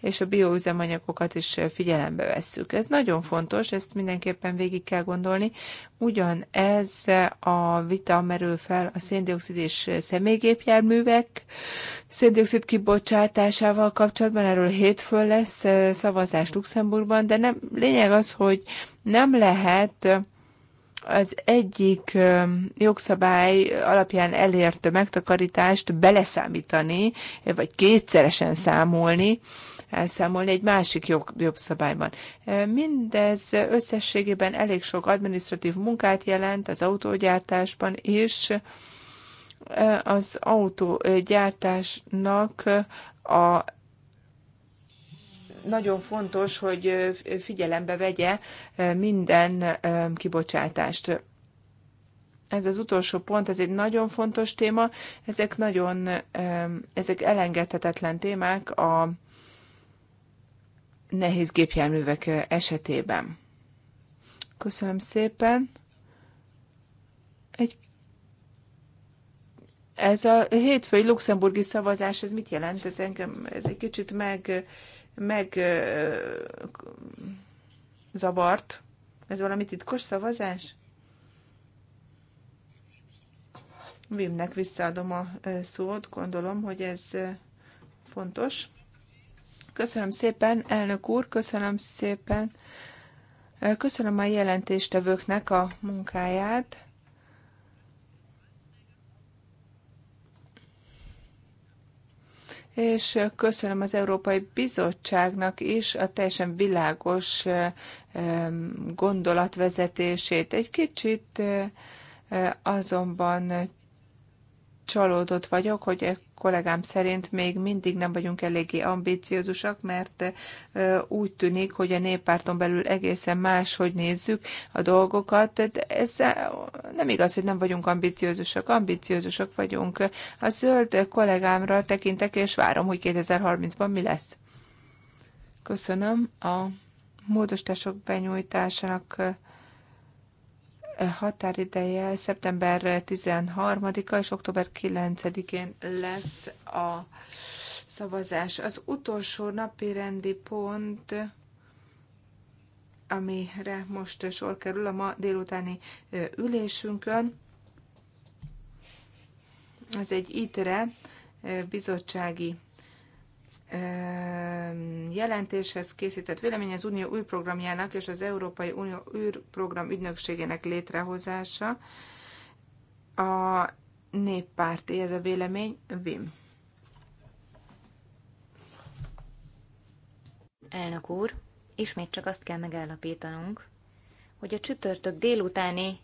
és a bioüzemanyagokat is figyelembe vesszük. Ez nagyon fontos, ezt mindenképpen végig kell gondolni. Ugyan ez a vita merül fel a széndiokszid és személygépjárművek széndiokszid kibocsátásával kapcsolatban, erről hétfőn lesz e, szavazás Luxemburgban, de nem, lényeg az, hogy nem lehet az egyik jogszabály alapján elért megtakarítást beleszámítani, vagy kétszeresen számolni, elszámolni egy másik jog, jogszabályban. Mindez összességében elég sok administratív munkát jelent az autógyártásban, és az autógyártásnak a nagyon fontos, hogy figyelembe vegye minden kibocsátást. Ez az utolsó pont, ez egy nagyon fontos téma. Ezek nagyon, ezek elengedhetetlen témák a nehéz gépjárművek esetében. Köszönöm szépen. Egy ez a hétfői luxemburgi szavazás, ez mit jelent? Ez engem, ez egy kicsit meg, meg zavart. Ez valami titkos szavazás? Vimnek visszaadom a szót, gondolom, hogy ez fontos. Köszönöm szépen, elnök úr, köszönöm szépen. Köszönöm a jelentéstevőknek a munkáját. és köszönöm az Európai Bizottságnak is a teljesen világos gondolatvezetését. Egy kicsit azonban csalódott vagyok, hogy kollégám szerint még mindig nem vagyunk eléggé ambíciózusak, mert úgy tűnik, hogy a néppárton belül egészen más, hogy nézzük a dolgokat. De ez nem igaz, hogy nem vagyunk ambíciózusak. Ambíciózusak vagyunk. A zöld kollégámra tekintek, és várom, hogy 2030-ban mi lesz. Köszönöm a módosítások benyújtásának határideje szeptember 13-a és október 9-én lesz a szavazás. Az utolsó napi rendi pont, amire most sor kerül a ma délutáni ülésünkön, az egy ITRE bizottsági jelentéshez készített vélemény az Unió új programjának és az Európai Unió új program ügynökségének létrehozása. A néppárti ez a vélemény, Vim. Elnök úr, ismét csak azt kell megállapítanunk, hogy a csütörtök délutáni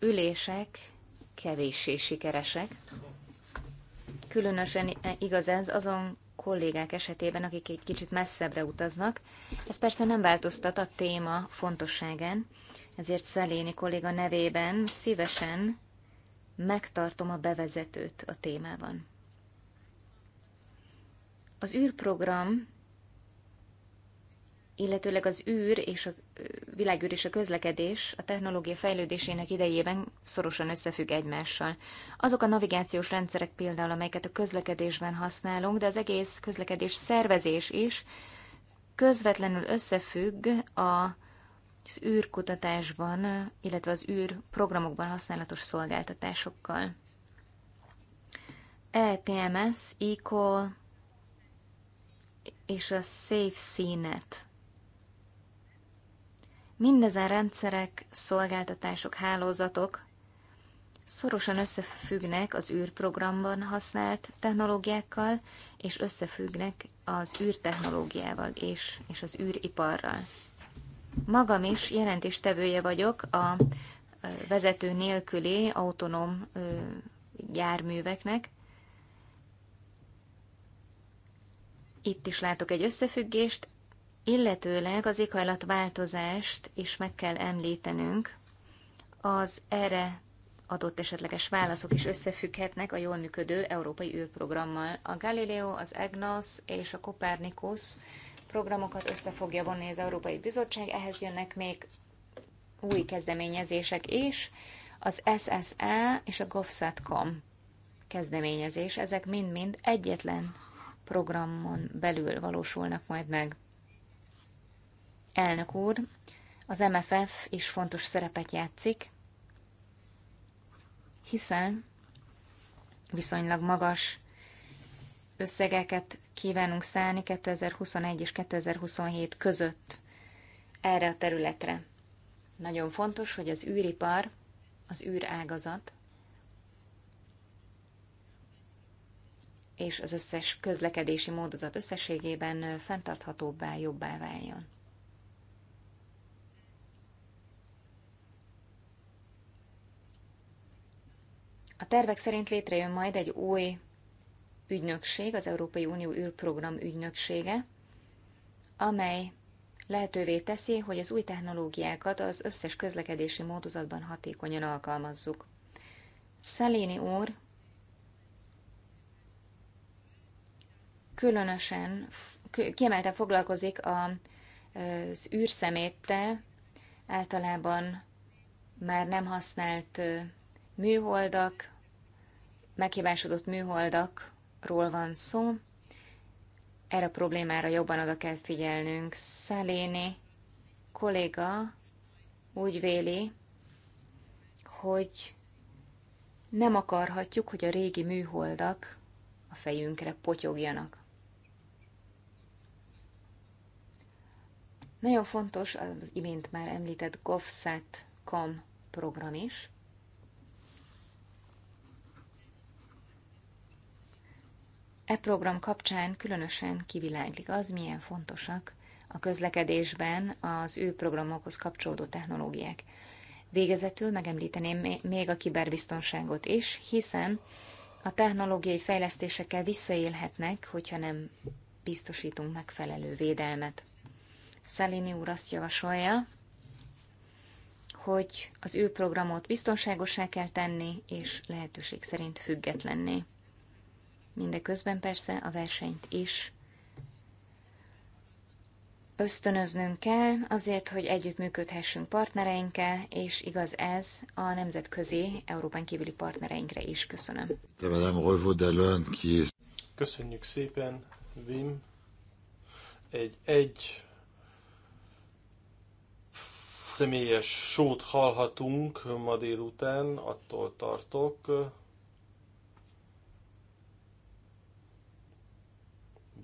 ülések kevéssé sikeresek. Különösen igaz ez azon kollégák esetében, akik egy kicsit messzebbre utaznak. Ez persze nem változtat a téma fontosságán, ezért Szeléni kolléga nevében szívesen megtartom a bevezetőt a témában. Az űrprogram illetőleg az űr és a világűr és a közlekedés a technológia fejlődésének idejében szorosan összefügg egymással. Azok a navigációs rendszerek például, amelyeket a közlekedésben használunk, de az egész közlekedés szervezés is közvetlenül összefügg a az űrkutatásban, illetve az űrprogramokban használatos szolgáltatásokkal. ETMS, ECOL és a Safe SafeCNet Mindezen rendszerek, szolgáltatások, hálózatok szorosan összefüggnek az űrprogramban használt technológiákkal, és összefüggnek az űrtechnológiával és, és az űriparral. Magam is jelentéstevője vagyok a vezető nélküli autonóm járműveknek. Itt is látok egy összefüggést, Illetőleg az éghajlatváltozást is meg kell említenünk. Az erre adott esetleges válaszok is összefügghetnek a jól működő európai űrprogrammal. A Galileo, az EGNOS és a Copernicus programokat össze fogja vonni az Európai Bizottság, ehhez jönnek még új kezdeményezések is, az SSA és a GovSatcom kezdeményezés, ezek mind-mind egyetlen programon belül valósulnak majd meg. Elnök úr, az MFF is fontos szerepet játszik, hiszen viszonylag magas összegeket kívánunk szállni 2021 és 2027 között erre a területre. Nagyon fontos, hogy az űripar, az űrágazat és az összes közlekedési módozat összességében fenntarthatóbbá, jobbá váljon. A tervek szerint létrejön majd egy új ügynökség, az Európai Unió űrprogram ügynöksége, amely lehetővé teszi, hogy az új technológiákat az összes közlekedési módozatban hatékonyan alkalmazzuk. Szeléni úr különösen, kiemelten foglalkozik az űrszeméttel, általában már nem használt műholdak, meghibásodott műholdakról van szó. Erre a problémára jobban oda kell figyelnünk. Szeléni kolléga úgy véli, hogy nem akarhatjuk, hogy a régi műholdak a fejünkre potyogjanak. Nagyon fontos az imént már említett GovSat.com program is, E program kapcsán különösen kiviláglik az, milyen fontosak a közlekedésben az ő programokhoz kapcsolódó technológiák. Végezetül megemlíteném még a kiberbiztonságot is, hiszen a technológiai fejlesztésekkel visszaélhetnek, hogyha nem biztosítunk megfelelő védelmet. Szalini úr azt javasolja, hogy az ő programot biztonságosá kell tenni, és lehetőség szerint függetlenné mindeközben persze a versenyt is ösztönöznünk kell azért, hogy együttműködhessünk partnereinkkel, és igaz ez a nemzetközi Európán kívüli partnereinkre is. Köszönöm. Köszönjük szépen, Vim. Egy egy személyes sót hallhatunk ma délután, attól tartok.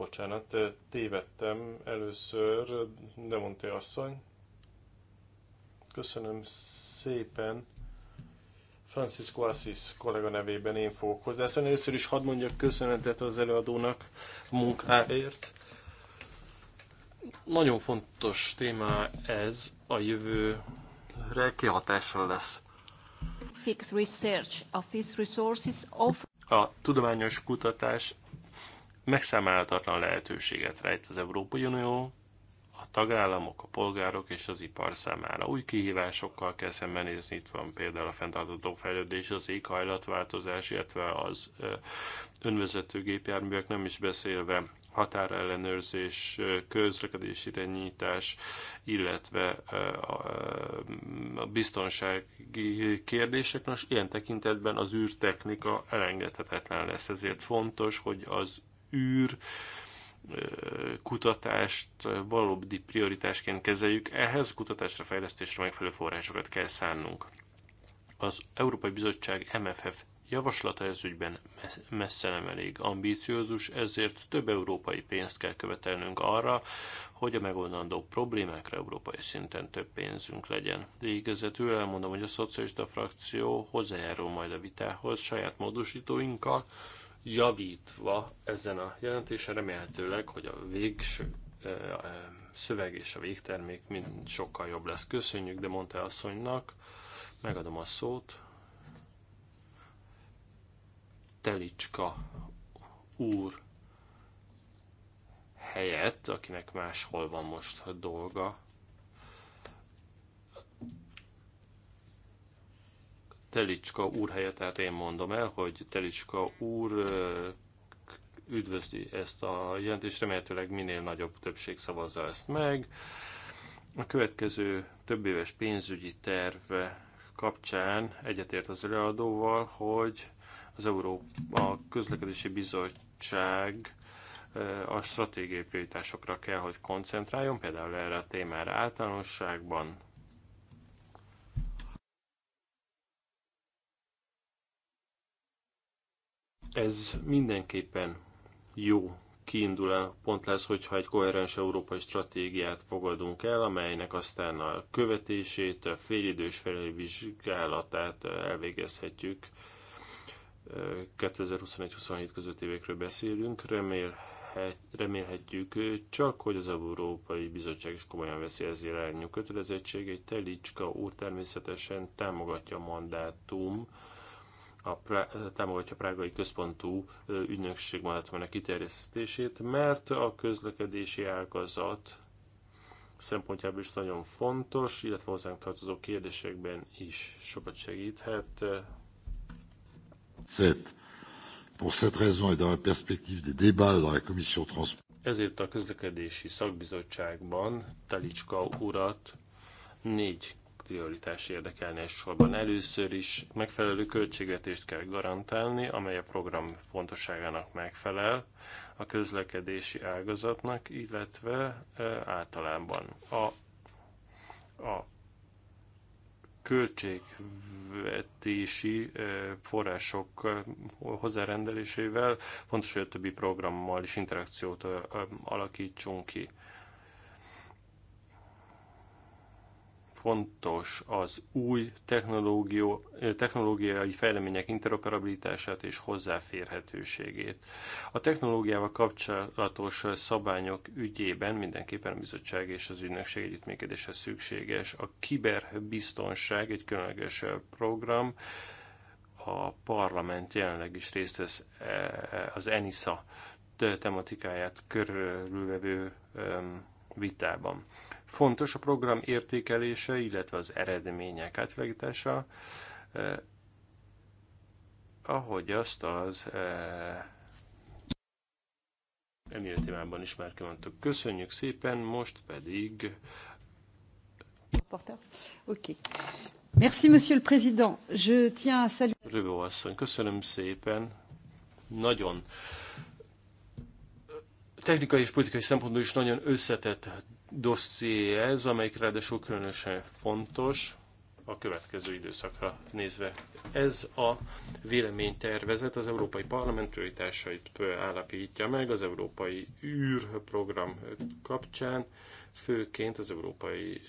bocsánat, tévedtem először, de mondta asszony. Köszönöm szépen. Francisco Assis kollega nevében én fogok hozzászólni. Először is hadd mondjak köszönetet az előadónak a munkáért. Nagyon fontos téma ez a jövőre kihatással lesz. A tudományos kutatás megszámálhatatlan lehetőséget rejt az Európai Unió, a tagállamok, a polgárok és az ipar számára. Új kihívásokkal kell szembenézni, itt van például a fenntartható fejlődés, az éghajlatváltozás, illetve az önvezető gépjárművek, nem is beszélve határellenőrzés, közlekedési irányítás, illetve a biztonsági kérdések. Nos, ilyen tekintetben az űrtechnika elengedhetetlen lesz, ezért fontos, hogy az űr kutatást valódi prioritásként kezeljük, ehhez kutatásra, fejlesztésre megfelelő forrásokat kell szánnunk. Az Európai Bizottság MFF javaslata ez ügyben messze nem elég ambíciózus, ezért több európai pénzt kell követelnünk arra, hogy a megoldandó problémákra európai szinten több pénzünk legyen. Végezetül elmondom, hogy a szocialista frakció hozzájárul majd a vitához saját módosítóinkkal, javítva ezen a jelentésen, remélhetőleg, hogy a végső szöveg és a végtermék mind sokkal jobb lesz. Köszönjük de mondta asszonynak, megadom a szót. Telicska úr helyett, akinek máshol van most a dolga, Telicska úr helyett, tehát én mondom el, hogy Telicska úr üdvözli ezt a jelentést, remélhetőleg minél nagyobb többség szavazza ezt meg. A következő több éves pénzügyi terv kapcsán egyetért az előadóval, hogy az Európa Közlekedési Bizottság a stratégiai prioritásokra kell, hogy koncentráljon, például erre a témára általánosságban, Ez mindenképpen jó kiindul pont lesz, hogyha egy koherens európai stratégiát fogadunk el, amelynek aztán a követését, a félidős felvizsgálatát elvégezhetjük. 2021-27 között évekről beszélünk, remélhet, remélhetjük csak, hogy az Európai Bizottság is komolyan veszi az irányú kötelezettségét. Telicska úr természetesen támogatja a mandátum, a támogatja a prágai központú ügynökség mandátumának kiterjesztését, mert a közlekedési ágazat szempontjából is nagyon fontos, illetve hozzánk tartozó kérdésekben is sokat segíthet. Szét. Pour cette raison et dans la perspective des débats dans la commission transport. Ezért a közlekedési szakbizottságban Talicska urat négy prioritás érdekelni elsősorban. Először is megfelelő költségvetést kell garantálni, amely a program fontosságának megfelel, a közlekedési ágazatnak, illetve e, általában a, a költségvetési e, források e, hozzárendelésével fontos, hogy a többi programmal is interakciót alakítsunk ki. fontos az új technológiai fejlemények interoperabilitását és hozzáférhetőségét. A technológiával kapcsolatos szabályok ügyében mindenképpen a bizottság és az ügynökség együttműködése szükséges. A kiberbiztonság egy különleges program, a parlament jelenleg is részt vesz eh, az ENISA tematikáját körülvevő vitában. Fontos a program értékelése, illetve az eredmények átvegítása, eh, ahogy azt az eh, emlő témában is már kimondtuk. Köszönjük szépen, most pedig... Oké. Merci, Monsieur le Président. Je tiens à saluer... Rövő asszony, köszönöm szépen. Nagyon technikai és politikai szempontból is nagyon összetett dosszié ez, amelyik ráadásul különösen fontos a következő időszakra nézve. Ez a véleménytervezet az Európai Parlament prioritásait állapítja meg az Európai űrprogram kapcsán, főként az európai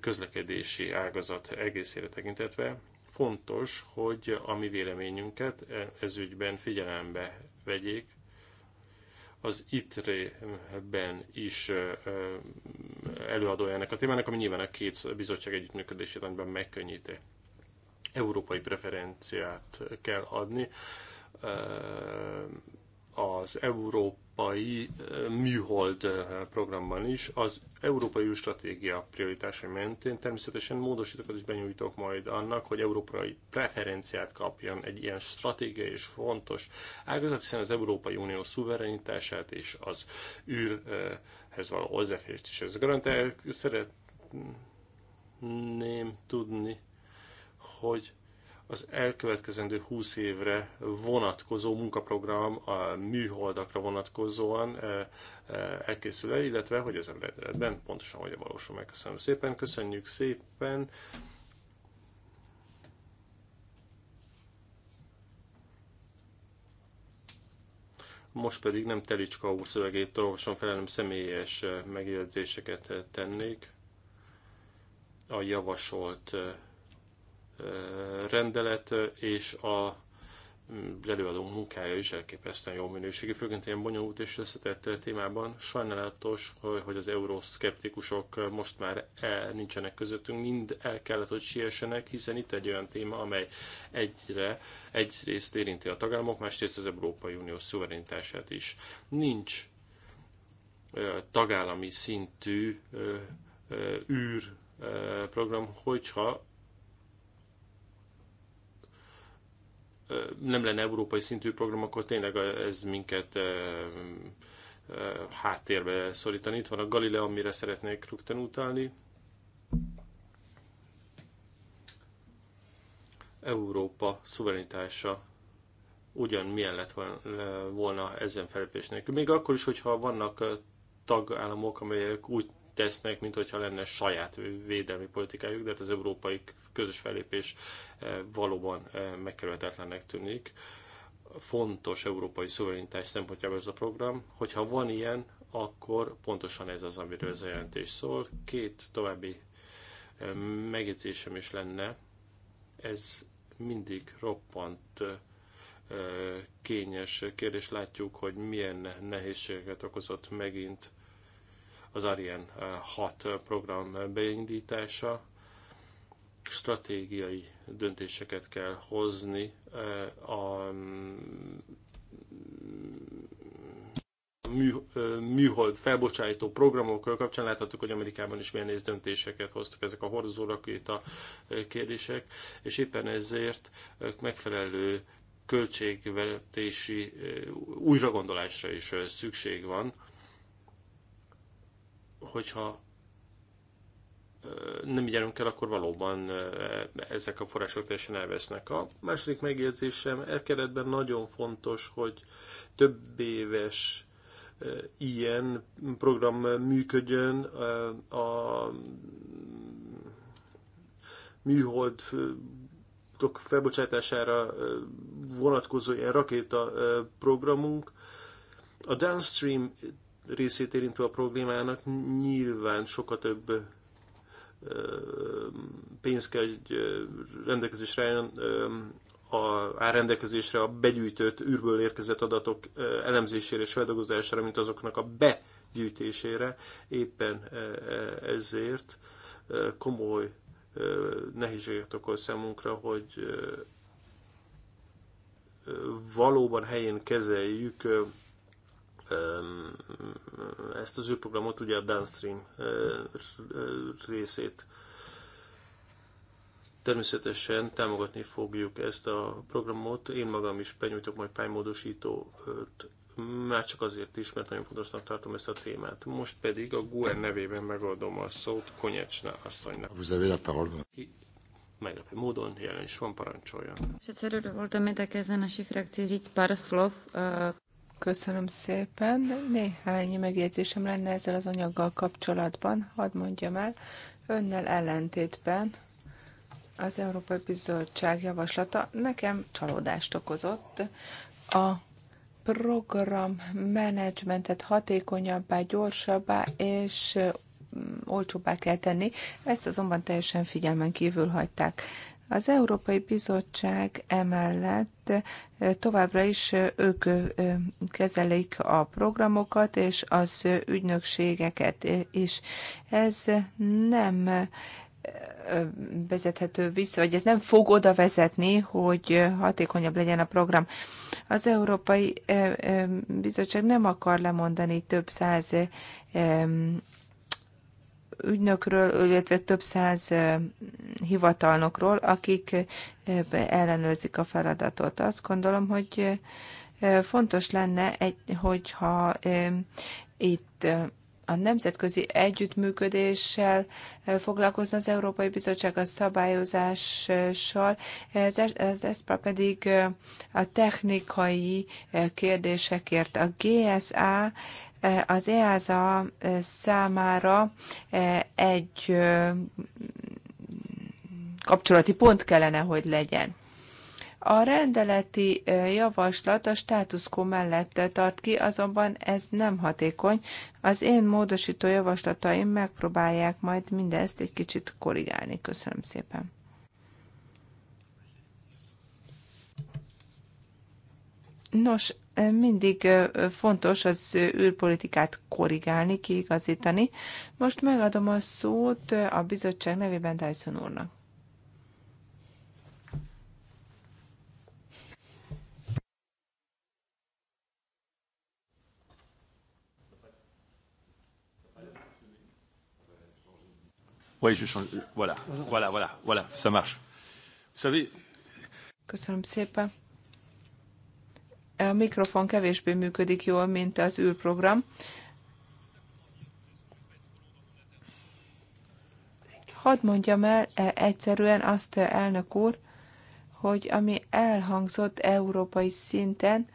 közlekedési ágazat egészére tekintetve. Fontos, hogy a mi véleményünket e, ezügyben figyelembe vegyék az ITRE-ben is előadója ennek a témának, ami nyilván a két bizottság együttműködését nagyban megkönnyíti. Európai preferenciát kell adni az Európai Műhold programban is, az Európai Stratégia prioritásai mentén. Természetesen módosítókat is benyújtok majd annak, hogy európai preferenciát kapjon egy ilyen stratégia és fontos ágazat, hiszen az Európai Unió szuverenitását és az űrhez való hozzáférést is ez garantálja. Szeretném tudni, hogy az elkövetkezendő 20 évre vonatkozó munkaprogram a műholdakra vonatkozóan eh, eh, elkészül el, illetve hogy ez eredetben pontosan hogy valósul meg. Köszönöm szépen, köszönjük szépen. Most pedig nem Telicska úr szövegét olvasom fel, hanem személyes eh, megjegyzéseket tennék a javasolt rendelet, és a előadó munkája is elképesztően jó minőségű, főként ilyen bonyolult és összetett témában. Sajnálatos, hogy az euroszkeptikusok most már el, nincsenek közöttünk, mind el kellett, hogy siessenek, hiszen itt egy olyan téma, amely egyre egyrészt érinti a tagállamok, másrészt az Európai Unió szuverenitását is. Nincs tagállami szintű program, hogyha nem lenne európai szintű program, akkor tényleg ez minket háttérbe szorítani. Itt van a Galileo, amire szeretnék rögtön utálni. Európa szuverenitása ugyan milyen lett volna ezen felépés nélkül. Még akkor is, hogyha vannak tagállamok, amelyek úgy tesznek, mint hogyha lenne saját védelmi politikájuk, de hát az európai közös felépés eh, valóban eh, megkerülhetetlennek tűnik. Fontos európai szuverenitás szempontjából ez a program. Hogyha van ilyen, akkor pontosan ez az, amiről ez a jelentés szól. Két további eh, megjegyzésem is lenne. Ez mindig roppant kényes kérdés. Látjuk, hogy milyen nehézségeket okozott megint az Ariane 6 eh, eh, program beindítása. Stratégiai döntéseket kell hozni eh, a mm, mű, műhold felbocsájtó programok kapcsán láthattuk, hogy Amerikában is milyen döntéseket hoztak ezek a a kérdések, és éppen ezért megfelelő költségvetési újragondolásra is szükség van hogyha nem igyelünk el, akkor valóban ezek a források teljesen elvesznek. A második megjegyzésem, e keretben nagyon fontos, hogy több éves ilyen program működjön a műhold felbocsátására vonatkozó ilyen rakéta programunk. A downstream részét érintő a problémának, nyilván sokat több pénz kell, egy rendelkezésre a, áll rendelkezésre a begyűjtött, űrből érkezett adatok elemzésére és feldolgozására, mint azoknak a begyűjtésére. Éppen ezért komoly nehézséget okoz számunkra, hogy valóban helyén kezeljük ezt az programot ugye a downstream eh, eh, részét Természetesen támogatni fogjuk ezt a programot. Én magam is benyújtok majd pálymódosítót, már csak azért is, mert nagyon fontosnak tartom ezt a témát. Most pedig a GUER nevében megadom a szót Konyecsna asszonynak. Vous avez la parole. Ki meglepő módon jelen is van, parancsoljon. Předsedo, dovolte mi také za naši Köszönöm szépen. Néhány megjegyzésem lenne ezzel az anyaggal kapcsolatban. Hadd mondjam el, önnel ellentétben az Európai Bizottság javaslata nekem csalódást okozott. A program menedzsmentet hatékonyabbá, gyorsabbá és olcsóbbá kell tenni. Ezt azonban teljesen figyelmen kívül hagyták. Az Európai Bizottság emellett továbbra is ők kezelik a programokat és az ügynökségeket is. Ez nem vezethető vissza, vagy ez nem fog oda vezetni, hogy hatékonyabb legyen a program. Az Európai Bizottság nem akar lemondani több száz ügynökről, illetve több száz hivatalnokról, akik ellenőrzik a feladatot. Azt gondolom, hogy fontos lenne, hogyha itt a nemzetközi együttműködéssel foglalkozna az Európai Bizottság a szabályozással, az ESPA pedig a technikai kérdésekért. A GSA E, az EASA e, számára e, egy kapcsolati pont kellene, hogy legyen. A rendeleti javaslat a státuszkó mellett tart ki, azonban ez nem hatékony. Az én módosító javaslataim megpróbálják majd mindezt egy kicsit korrigálni. Köszönöm szépen. Nos, mindig fontos az űrpolitikát korrigálni, kiigazítani. Most megadom a szót a bizottság nevében Dyson úrnak. Oui, je change. Voilà, voilà, voilà, voilà, ça marche. Vous savez. Köszönöm szépen. A mikrofon kevésbé működik jól, mint az űrprogram. Hadd mondjam el e, egyszerűen azt, elnök úr, hogy ami elhangzott európai szinten,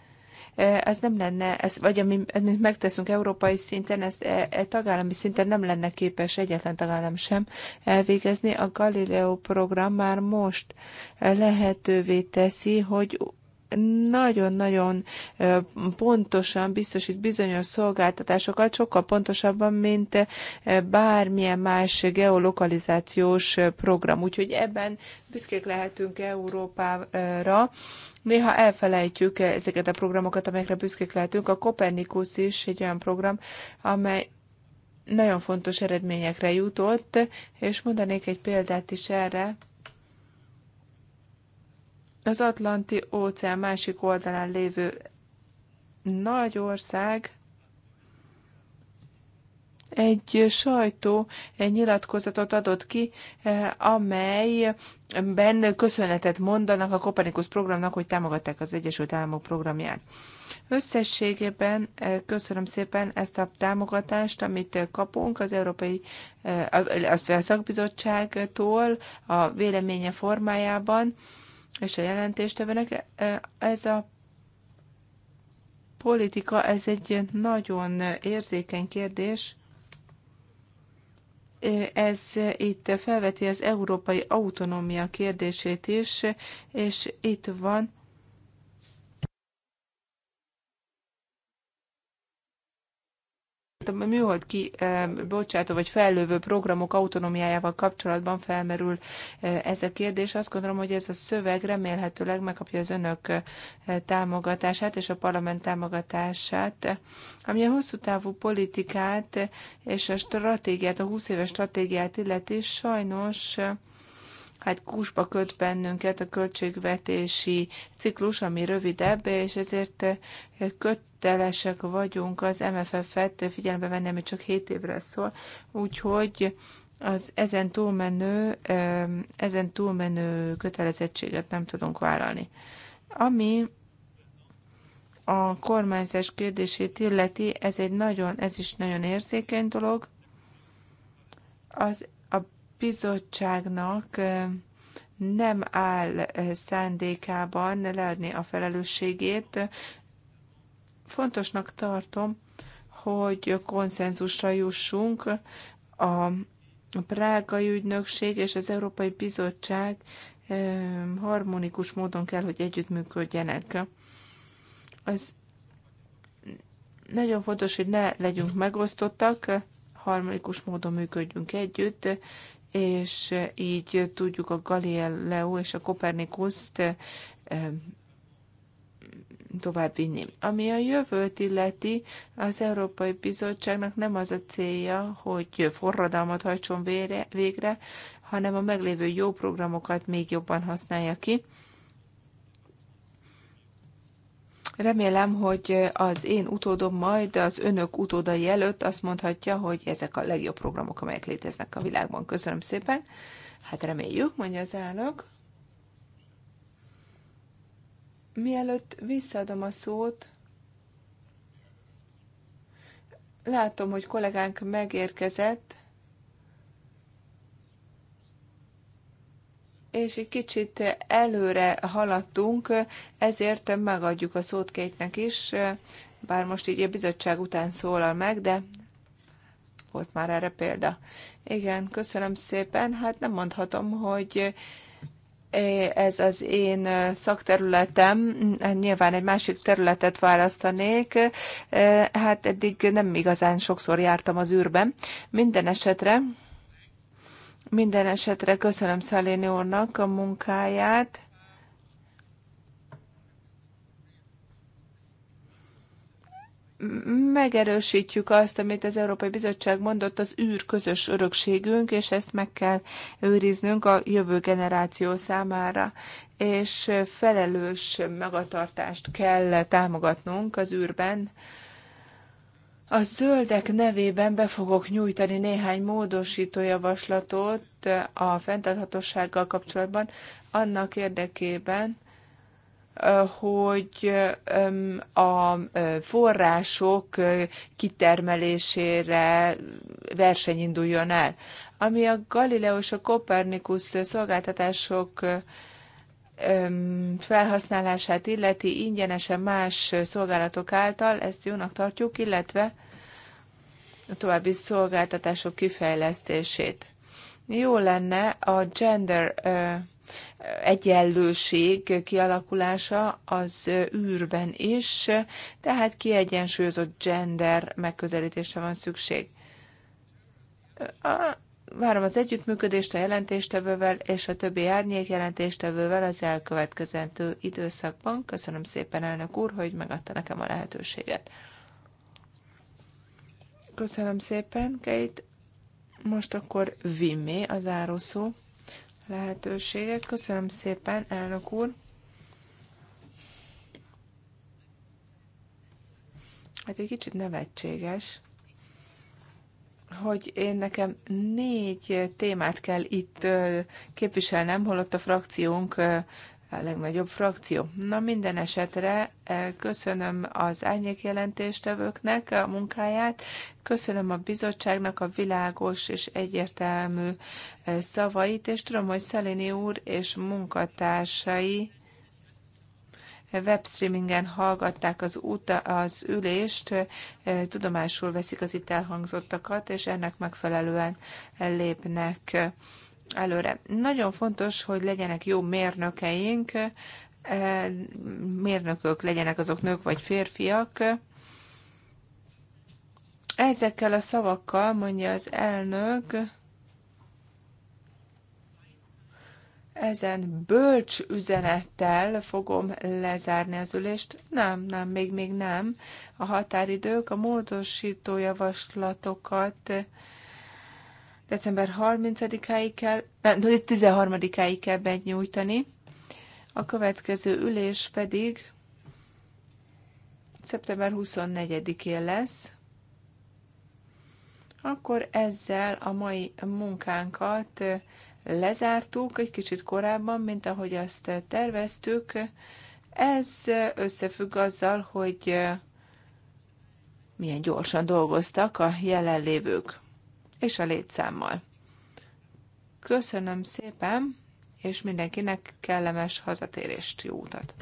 e, ez nem lenne, ez, vagy amit megteszünk európai szinten, ezt e, e, tagállami szinten nem lenne képes egyetlen tagállam sem elvégezni. A Galileo program már most lehetővé teszi, hogy nagyon-nagyon pontosan biztosít bizonyos szolgáltatásokat, sokkal pontosabban, mint bármilyen más geolokalizációs program. Úgyhogy ebben büszkék lehetünk Európára. Néha elfelejtjük ezeket a programokat, amelyekre büszkék lehetünk. A Copernicus is egy olyan program, amely nagyon fontos eredményekre jutott, és mondanék egy példát is erre az Atlanti óceán másik oldalán lévő nagy ország egy sajtó egy nyilatkozatot adott ki, eh, amelyben köszönetet mondanak a Kopernikus programnak, hogy támogatták az Egyesült Államok programját. Összességében eh, köszönöm szépen ezt a támogatást, amit eh, kapunk az Európai a Szakbizottságtól a véleménye formájában és a jelentéstevőnek Ez a politika, ez egy nagyon érzékeny kérdés. Ez itt felveti az európai autonómia kérdését is, és itt van a műhold kibocsátó vagy fellővő programok autonómiájával kapcsolatban felmerül ez a kérdés. Azt gondolom, hogy ez a szöveg remélhetőleg megkapja az önök támogatását és a parlament támogatását, ami a hosszú távú politikát és a stratégiát, a 20 éves stratégiát illeti, sajnos hát kúsba köt bennünket a költségvetési ciklus, ami rövidebb, és ezért köt, kötelesek vagyunk az MFF-et figyelembe venni, ami csak 7 évre szól, úgyhogy az ezen túlmenő, ezen túlmenő kötelezettséget nem tudunk vállalni. Ami a kormányzás kérdését illeti, ez egy nagyon, ez is nagyon érzékeny dolog. Az a bizottságnak nem áll eh, szándékában leadni a felelősségét Fontosnak tartom, hogy konszenzusra jussunk a Prágai Ügynökség és az Európai Bizottság harmonikus módon kell, hogy együttműködjenek. Az nagyon fontos, hogy ne legyünk megosztottak, harmonikus módon működjünk együtt, és így tudjuk a Galileo és a Kopernikuszt vinni. Ami a jövőt illeti, az Európai Bizottságnak nem az a célja, hogy forradalmat hajtson végre, hanem a meglévő jó programokat még jobban használja ki. Remélem, hogy az én utódom majd az önök utódai előtt azt mondhatja, hogy ezek a legjobb programok, amelyek léteznek a világban. Köszönöm szépen. Hát reméljük, mondja az elnök. Mielőtt visszaadom a szót, látom, hogy kollégánk megérkezett, és egy kicsit előre haladtunk, ezért megadjuk a szót kétnek is, bár most így a bizottság után szólal meg, de volt már erre példa. Igen, köszönöm szépen. Hát nem mondhatom, hogy ez az én szakterületem, nyilván egy másik területet választanék, hát eddig nem igazán sokszor jártam az űrben. Minden esetre, minden esetre köszönöm Szaléni úrnak a munkáját, megerősítjük azt, amit az Európai Bizottság mondott, az űr közös örökségünk, és ezt meg kell őriznünk a jövő generáció számára. És felelős magatartást kell támogatnunk az űrben. A zöldek nevében be fogok nyújtani néhány módosító javaslatot a fenntarthatósággal kapcsolatban, annak érdekében, hogy a források kitermelésére verseny induljon el. Ami a Galileo és a Kopernikus szolgáltatások felhasználását illeti ingyenesen más szolgálatok által, ezt jónak tartjuk, illetve a további szolgáltatások kifejlesztését. Jó lenne a gender egyenlőség kialakulása az űrben is, tehát kiegyensúlyozott gender megközelítése van szükség. A, várom az együttműködést a jelentéstevővel és a többi árnyék jelentéstevővel az elkövetkezendő időszakban. Köszönöm szépen, elnök úr, hogy megadta nekem a lehetőséget. Köszönöm szépen, Kate. Most akkor Vimé az árószó lehetőségek. Köszönöm szépen, elnök úr! Hát egy kicsit nevetséges, hogy én nekem négy témát kell itt képviselnem, holott a frakciónk a legnagyobb frakció. Na minden esetre eh, köszönöm az árnyék jelentéstevőknek a munkáját, köszönöm a bizottságnak a világos és egyértelmű eh, szavait, és tudom, hogy Szelini úr és munkatársai eh, webstreamingen hallgatták az, uta, az ülést, tudomásul veszik az itt elhangzottakat, és ennek megfelelően lépnek előre. Nagyon fontos, hogy legyenek jó mérnökeink, eh, mérnökök legyenek azok nők vagy férfiak. Ezekkel a szavakkal, mondja az elnök, ezen bölcs üzenettel fogom lezárni az ülést. Nem, nem, még, még nem. A határidők, a módosító javaslatokat december 30-áig kell, nem, 13-áig kell benyújtani, a következő ülés pedig szeptember 24-én lesz. Akkor ezzel a mai munkánkat lezártuk egy kicsit korábban, mint ahogy azt terveztük. Ez összefügg azzal, hogy milyen gyorsan dolgoztak a jelenlévők és a létszámmal. Köszönöm szépen, és mindenkinek kellemes hazatérést, jó utat!